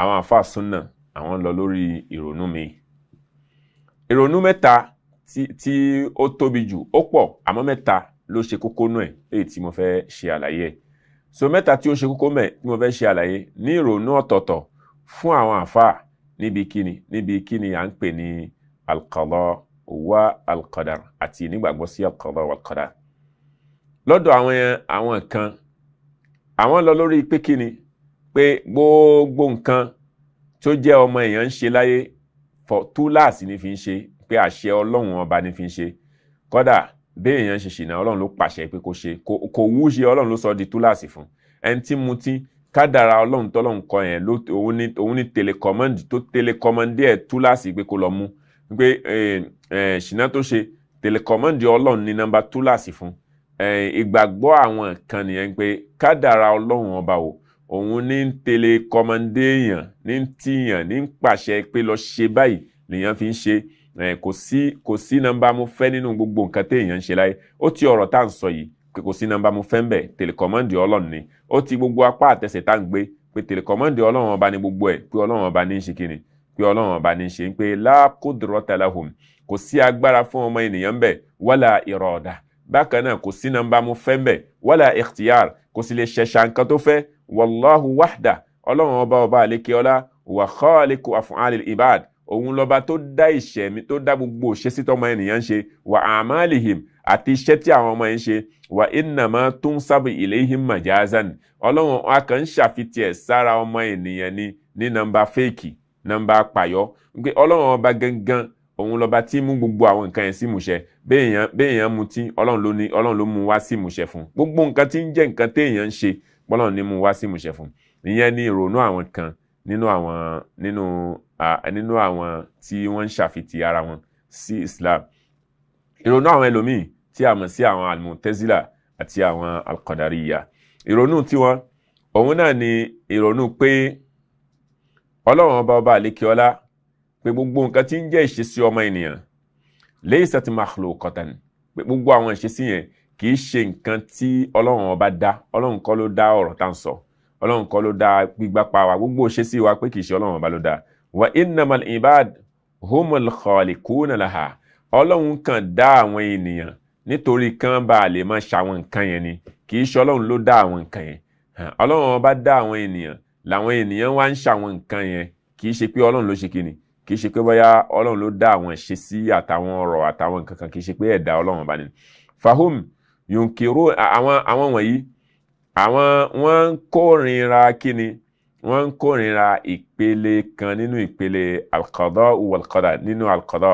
àwọn àfa sunna àwọn ń lọ lórí ìrònú mi ìrònú mẹ́ta tí tí ó tóbi jù ó pọ̀ àmọ́ mẹ́ta ló ṣe kókó nù ẹ̀ èyí tí mo fẹ́ ṣe àlàyé ẹ̀ so mẹ́ta tí ó ṣe kókó mẹ́ tí mo fẹ́ ṣe àlàyé ní ìrònú ọ̀tọ̀ọ̀tọ̀ fún àwọn àfáà níbi kíni níbi kíni à ń pè ní alqada wa alqadar àti nígbàgbọ́ sí alqada wa alqadar lọ́dọ̀ àwọn àwọn kan àwọn lọ lórí pé kíni pé gbogbo nǹkan tó jẹ́ ọmọ èèyàn ń ṣe láyé túláàsì ni fi ń ṣe pé àṣẹ ọlọ́run ọba ni fi ń ṣe kódà bí èèyàn ṣe ṣìnà ọlọ́run ló pàṣẹ pé kó ṣe kò wú ṣe ọlọ́run ló sọ di túláàsì fún ẹni tí mutí kádàrá ọlọ́run tọ́lọ́run kọ yẹn òun ní tẹlẹkọmọ́ndì tó tẹlẹkọmọ́ndì ẹ̀ túláàsì pé kó lọ mú pé ṣìnà tó ṣe tẹlẹkọmọ́ndì ọlọ́run ní nọ́mbà túláàsì fún ìgbàgbọ́ àwọn kan nìyẹn pé kádàrá ọlọ́run ọba o òun ní ń tele kọmọndé èèyàn ní ń tíyàn ní ń pàṣẹ pé lọ ṣe báyìí lèèyàn fi ń ṣe kò sí kò sí nọ́mbà mo fẹ́ nínú gbogbo nǹkan téèyàn ń ṣe láyé ó ti ọ̀rọ̀ tá à ń sọ yìí pé kò sí nọ́mbà mo fẹ́ ń bẹ̀ tẹlẹkọmọ́ndì ọlọ́run ni ó ti gbogbo apá àtẹsẹ̀ tá à ń gbé pé tẹlẹkọmọ́ndì ọlọ́run ọba ní gbogbo ẹ̀ pé ọlọ́run ọba ní í ṣe kíni pé ọlọ́run ọba ní í ṣe pé lákòdùrọ̀tà lahùn kò sí agbára fún ọmọ ènìyàn bẹ̀ wàlà ìrọ̀ọ̀dà bákan náà kò sí nọ́mbà mo fẹ́ ń bẹ̀ wàlà ìkhtiyar kò sì lè ṣẹ̀ṣà nǹkan tó fẹ́ wàláhu wahda ọlọ́run ọba ọba àlékè ọlá wà khaliqu af'alil ibad òun lọ́ba tó dá ìṣẹ̀mí tó dá gbogbo òṣèṣì tọ́mọ ènìyàn ń ṣe wà àmàlìhìm àti iṣẹ́ tí àwọn ọmọ yẹn ṣe wà ìnàmá tó ń sábà ìléhìn màjáàzán ọlọ́run a kàn ń ṣàfitì sára ọmọ ènìyàn ni ní nọ́mbà fẹ́ẹ̀kì nọ́mbà pàyọ́ pé ọlọ́run ọba gangan òun lọ́ba tí mú gbogbo àwọn nǹkan yẹn sí ìmúṣẹ béèyàn mutí ọlọ́run ló mú wá sí ìmúṣẹ fún gbogbo nǹkan tí ń jẹ́ nǹkan téèyàn ń ṣe bọ́lọ́run ní mú wá sí ìmúṣẹ fún ìyẹn ní ìrònú àwọn kan nínú àwọn nínú nínú àwọn tí wọ́n ń ṣàfitì ara wọn sí Islam ìrònú àwọn ẹlòmíì tí a mọ̀ sí àwọn almutezila àti àwọn alqadariya ìrònú tiwọn òun náà ni ìrònú pé ọlọ́run ọba ọba àlékeọlá pé gbogbo nǹkan tí ń jẹ́ ìṣesí ọmọ ènìyàn laysa makhluqatan pé gbogbo àwọn ìṣesí yẹn kì í ṣe nǹkan tí ọlọ́run ọba dá ọlọ́run kọ́ ló dá ọ̀rọ̀ tá à ń sọ ọlọ́run kọ́ ló dá gbígbá pa wa gbogbo ṣe sí wa pé kì í ṣe ọlọ́run ọba ló dá wa innamal ibad humul khaliquna laha ọlọ́run kan dá àwọn ènìyàn nítorí kan bá a lè máa ṣàwọn nǹkan yẹn ni kì í ṣe ọlọ́run ló dá àwọn nǹkan yẹn ọlọ́run ọba dá àwọn ènìyàn làwọn ènìyàn wá ń ṣàwọn nǹkan yẹn kì í ṣe pé ọlọ́run ló ṣe kí ni kì í ṣe pé bóyá ọlọ́run ló dá àwọn ìṣesí àtàwọn ọ̀rọ̀ àtàwọn nǹkan kan kì í ṣe pé ẹ̀dá ọlọ́run ọba ni fahum yòǹkìrò àwọn àwọn wọ̀nyí àwọn wọ́n ń kórìíra kíni wọ́n ń kórìíra ìpele kan nínú ìpele alqada walqada nínú alqada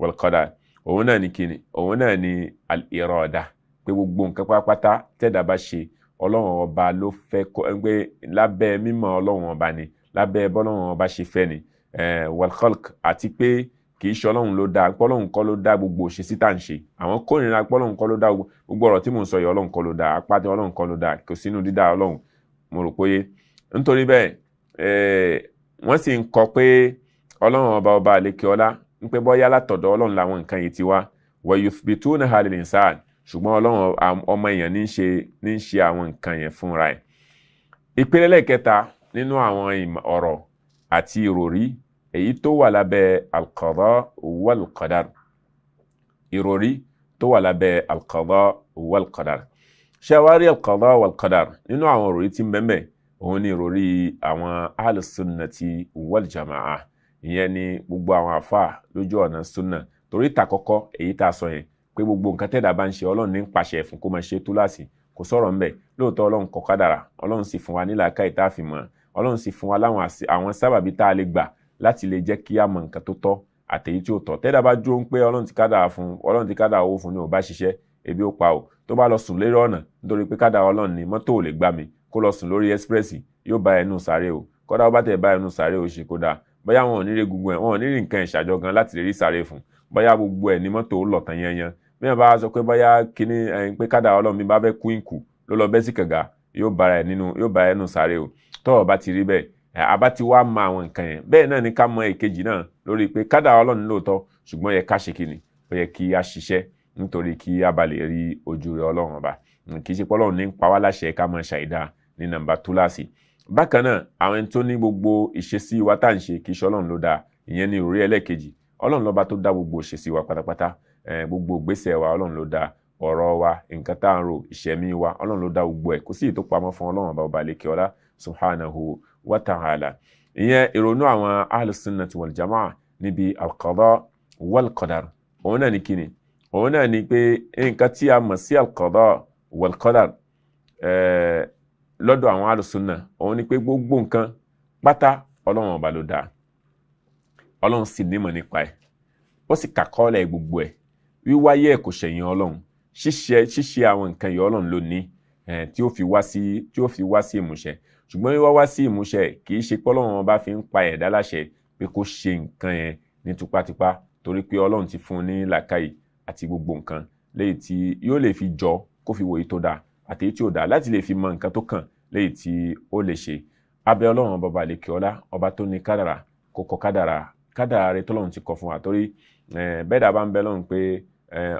walqada òun náà ni kíni òun náà ni al-irada pé gbogbo nǹkan pátápátá tẹ́dá bá ṣe ọlọ́run ọba ló fẹ́ kọ́ pé lábẹ́ mímọ́ ọlọ́run ọba ni lábẹ́ bọ́lọ́run ọba ṣe fẹ́ ni walkhalq àti pé kì í ṣe ọlọ́run ló dáa pọ́lọ́run kọ́ ló dá gbogbo òṣè ta ń ṣe àwọn kórìíra pọ́lọ́run kọ́ ló dá gbogbo ọ̀rọ̀ tí mò ń sọ yìí ọlọ́run kọ́ ló dá apá tí ọlọ́run kọ́ ló kò sínú dídá ọlọ́run mo rò nítorí bẹ́ẹ̀ wọ́n sì ń kọ pé ọlọ́run ọba ọba àlekè ọlá ń pẹ́ ọlọ́run èyí tó wà lábẹ́ alqada walqadar ìròrí tó wà lábẹ́ alqada walqadar ṣàwárí alqada walqadar nínú àwọn ìròrí tí mẹ́mẹ́ òun ni ìròrí àwọn alsunnati waljamaa ìyẹn ni gbogbo àwọn àfa lójú ọ̀nà sunna torí ìtàkọ́kọ́ èyí tá a sọ yẹn pé gbogbo nǹkan tẹ̀dá bá ń ṣe ọlọ́run ní pàṣẹ fún kó máa ṣe túláàsì kò sọ̀rọ̀ ńbẹ̀ lóòótọ́ ọlọ́run kọ ọlọ́run sì fún wa nílàáká ìtààfin mọ́ ọlọ́run sì fún wa láwọn àwọn sábàbí tá a lè gbà láti lè jẹ́ kí a mọ nǹkan tó tọ́ àtèyí tí ó tọ́ tẹ́dá bá dúró ń pé ọlọ́run ti kádà fún ọlọ́run ti kádà owó fún ni ò bá ṣiṣẹ́ ebi ó pa ò tó bá lọ sùn lérí ọ̀nà nítorí pé kádà ọlọ́run ni mọ́tò ò lè gbá mi kó lọ sùn lórí express yóò bá ẹnu sáré o kódà ó bá tẹ̀ bá ẹnu sáré o ṣe kódà bóyá wọn ò ní rí gbogbo ẹ̀ wọn ò ní rí nǹkan ìṣàjọ gan láti rí sáré fún bóyá gbogbo ẹ̀ ni mọ́tò ó lọ̀ tán yanyan mẹ́rin bá sọ pé bóyá kíní ẹ̀yin pé kádà ọlọ́run mi bá fẹ́ kú ìkù ló lọ bẹ́ sí kànga yóò bá ẹnu sáré o tọ́ọ̀ bá ti rí bẹ́ẹ̀ àbá ti wá mọ àwọn nǹkan yẹn bẹ́ẹ̀ náà ni ká mọ èkejì náà lórí pé kádà ọlọ́run lóòótọ́ ṣùgbọ́n yẹ ká ṣe kí ni ó yẹ kí a ṣiṣẹ́ nítorí kí a bá lè rí ojú rẹ ọlọ́run ọba hmm, kì í ṣe pọ́lọ́run ní pa wá láṣẹ ká mọ ṣàìdá ní nàmbà túláàsì bákan náà àwọn ẹni tó ní gbogbo ìṣesí wa tá à ń ṣe kì í ṣe ọlọ́run ló dáa ìyẹn ni òrí ẹlẹ́ẹ̀kejì ọlọ́run lọ́ba tó dá gbogbo ìṣesí wa pátápátá gbogbo ìgbésẹ̀ wa ọlọ́run ló dáa ọ̀rọ̀ wa nǹkan tá à ń rò ìṣẹ̀mí wa ọlọ́run ló dá gbogbo ẹ̀ kò sí èyí tó pamọ́ fún ọlọ́run ọba ọba àlekè subhanahu wa ta'ala ìyẹn ìrònú àwọn ahlùsùnnàtì wal jama'a níbi alqada wal qadar òun náà ní kíni òun náà ní pé nǹkan tí a mọ̀ sí alqada wal qadar lọ́dọ̀ àwọn alùsùnà òun ni pé gbogbo nǹkan pátá ọlọ́run ọba ló dáa ọlọ́run sì nímọ̀ nípa ẹ̀ ó sì kàkọ́ọ̀lẹ̀ gbogbo ẹ̀ wíwáyé ẹ̀ kò ṣẹ̀yìn ọlọ́run ṣíṣe àwọn nǹkan yìí ọlọ́run ló tí ó fi wá sí ìmúṣẹ ṣùgbọ́n wíwá wá sí ìmúṣẹ kì í ṣe pọ́lọ́run ọba fi ń pa ẹ̀dá láṣẹ pé kó ṣe nǹkan yẹn ní tipátipá torí pé ọlọ́run ti fún un ní làkàyè àti gbogbo nǹkan léyìí tí yóò lè fi jọ kó fi wòye tó dáa àti èyí tí ò dáa láti lè fi mọ nǹkan tó kàn léyìí tí ó lè ṣe abẹ ọlọ́run bàbá àlekè ọlá ọba tó ní kádàrà kó kọ kádàrà kádàrà rẹ tọ́lọ́run ti kọ fún wa torí bẹ́ẹ̀ bá ń bẹ lọ́run pé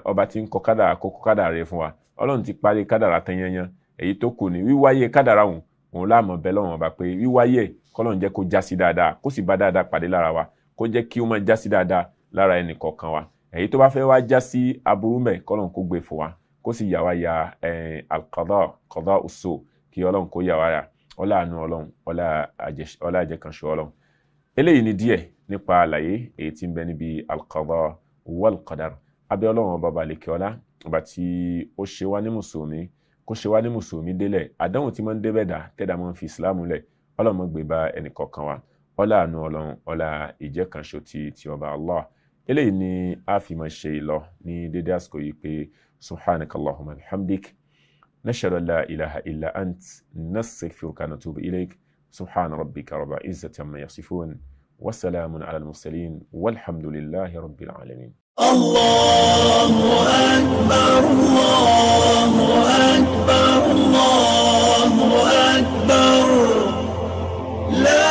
ọba ti ń kọ kádàrà kó kọ kádàrà rẹ fún wa ọlọ́run ti parí kádàrà tán yanyan èyí tó kù ní wíwáyé kádàrà òun òun láàmọ̀ bẹ́ẹ̀ lọ́wọ́n ọba pé wíwáyé kọ́lọ́n jẹ́ kó já sí dáadáa kó sì bá dáadáa pàdé lára wa kó jẹ́ kí ó máa já sí dáadáa lára ẹnì kọ̀ọ̀kan wa èyí tó bá fẹ́ wá já aburú mẹ́ kọ́lọ́n kó gbé fún wa kó sì yà wá ya alqada qada usu kí ọlọ́run kó yà wá ya ọlá àánú ọlọ́run ọlá àjẹkànṣe ọlọ́run eléyìí ni díẹ̀ nípa àlàyé èyí tí ń bẹ níbi alqada wal qadar abẹ́ ọlọ́run ọba balẹ̀ kí ọlá ọba ó ṣe wá ní mùsùlùmí kó ṣe wá ní mùsùlùmí délẹ̀ àdánwò tí máa ń débẹ̀ dá tẹ́dà máa ń fi ìsìláàmù lẹ̀ ọlọ́mọ gbé ba ẹnì kọ̀ọ̀kan wa ọlá àánú ọlọ́run ọlá ìjẹ́kànṣó ti ti ọba allah eléyìí ni a fi máa ṣe ìlọ ní dédé àsìkò yìí pé subhanakallahumma bihamdik nashhadu an la ilaha illa ant nastaghfiruka wa natubu ilayk subhana rabbika rabbil izzati amma ala al-mursalin rabbil alamin الله أكبر الله أكبر الله أكبر لا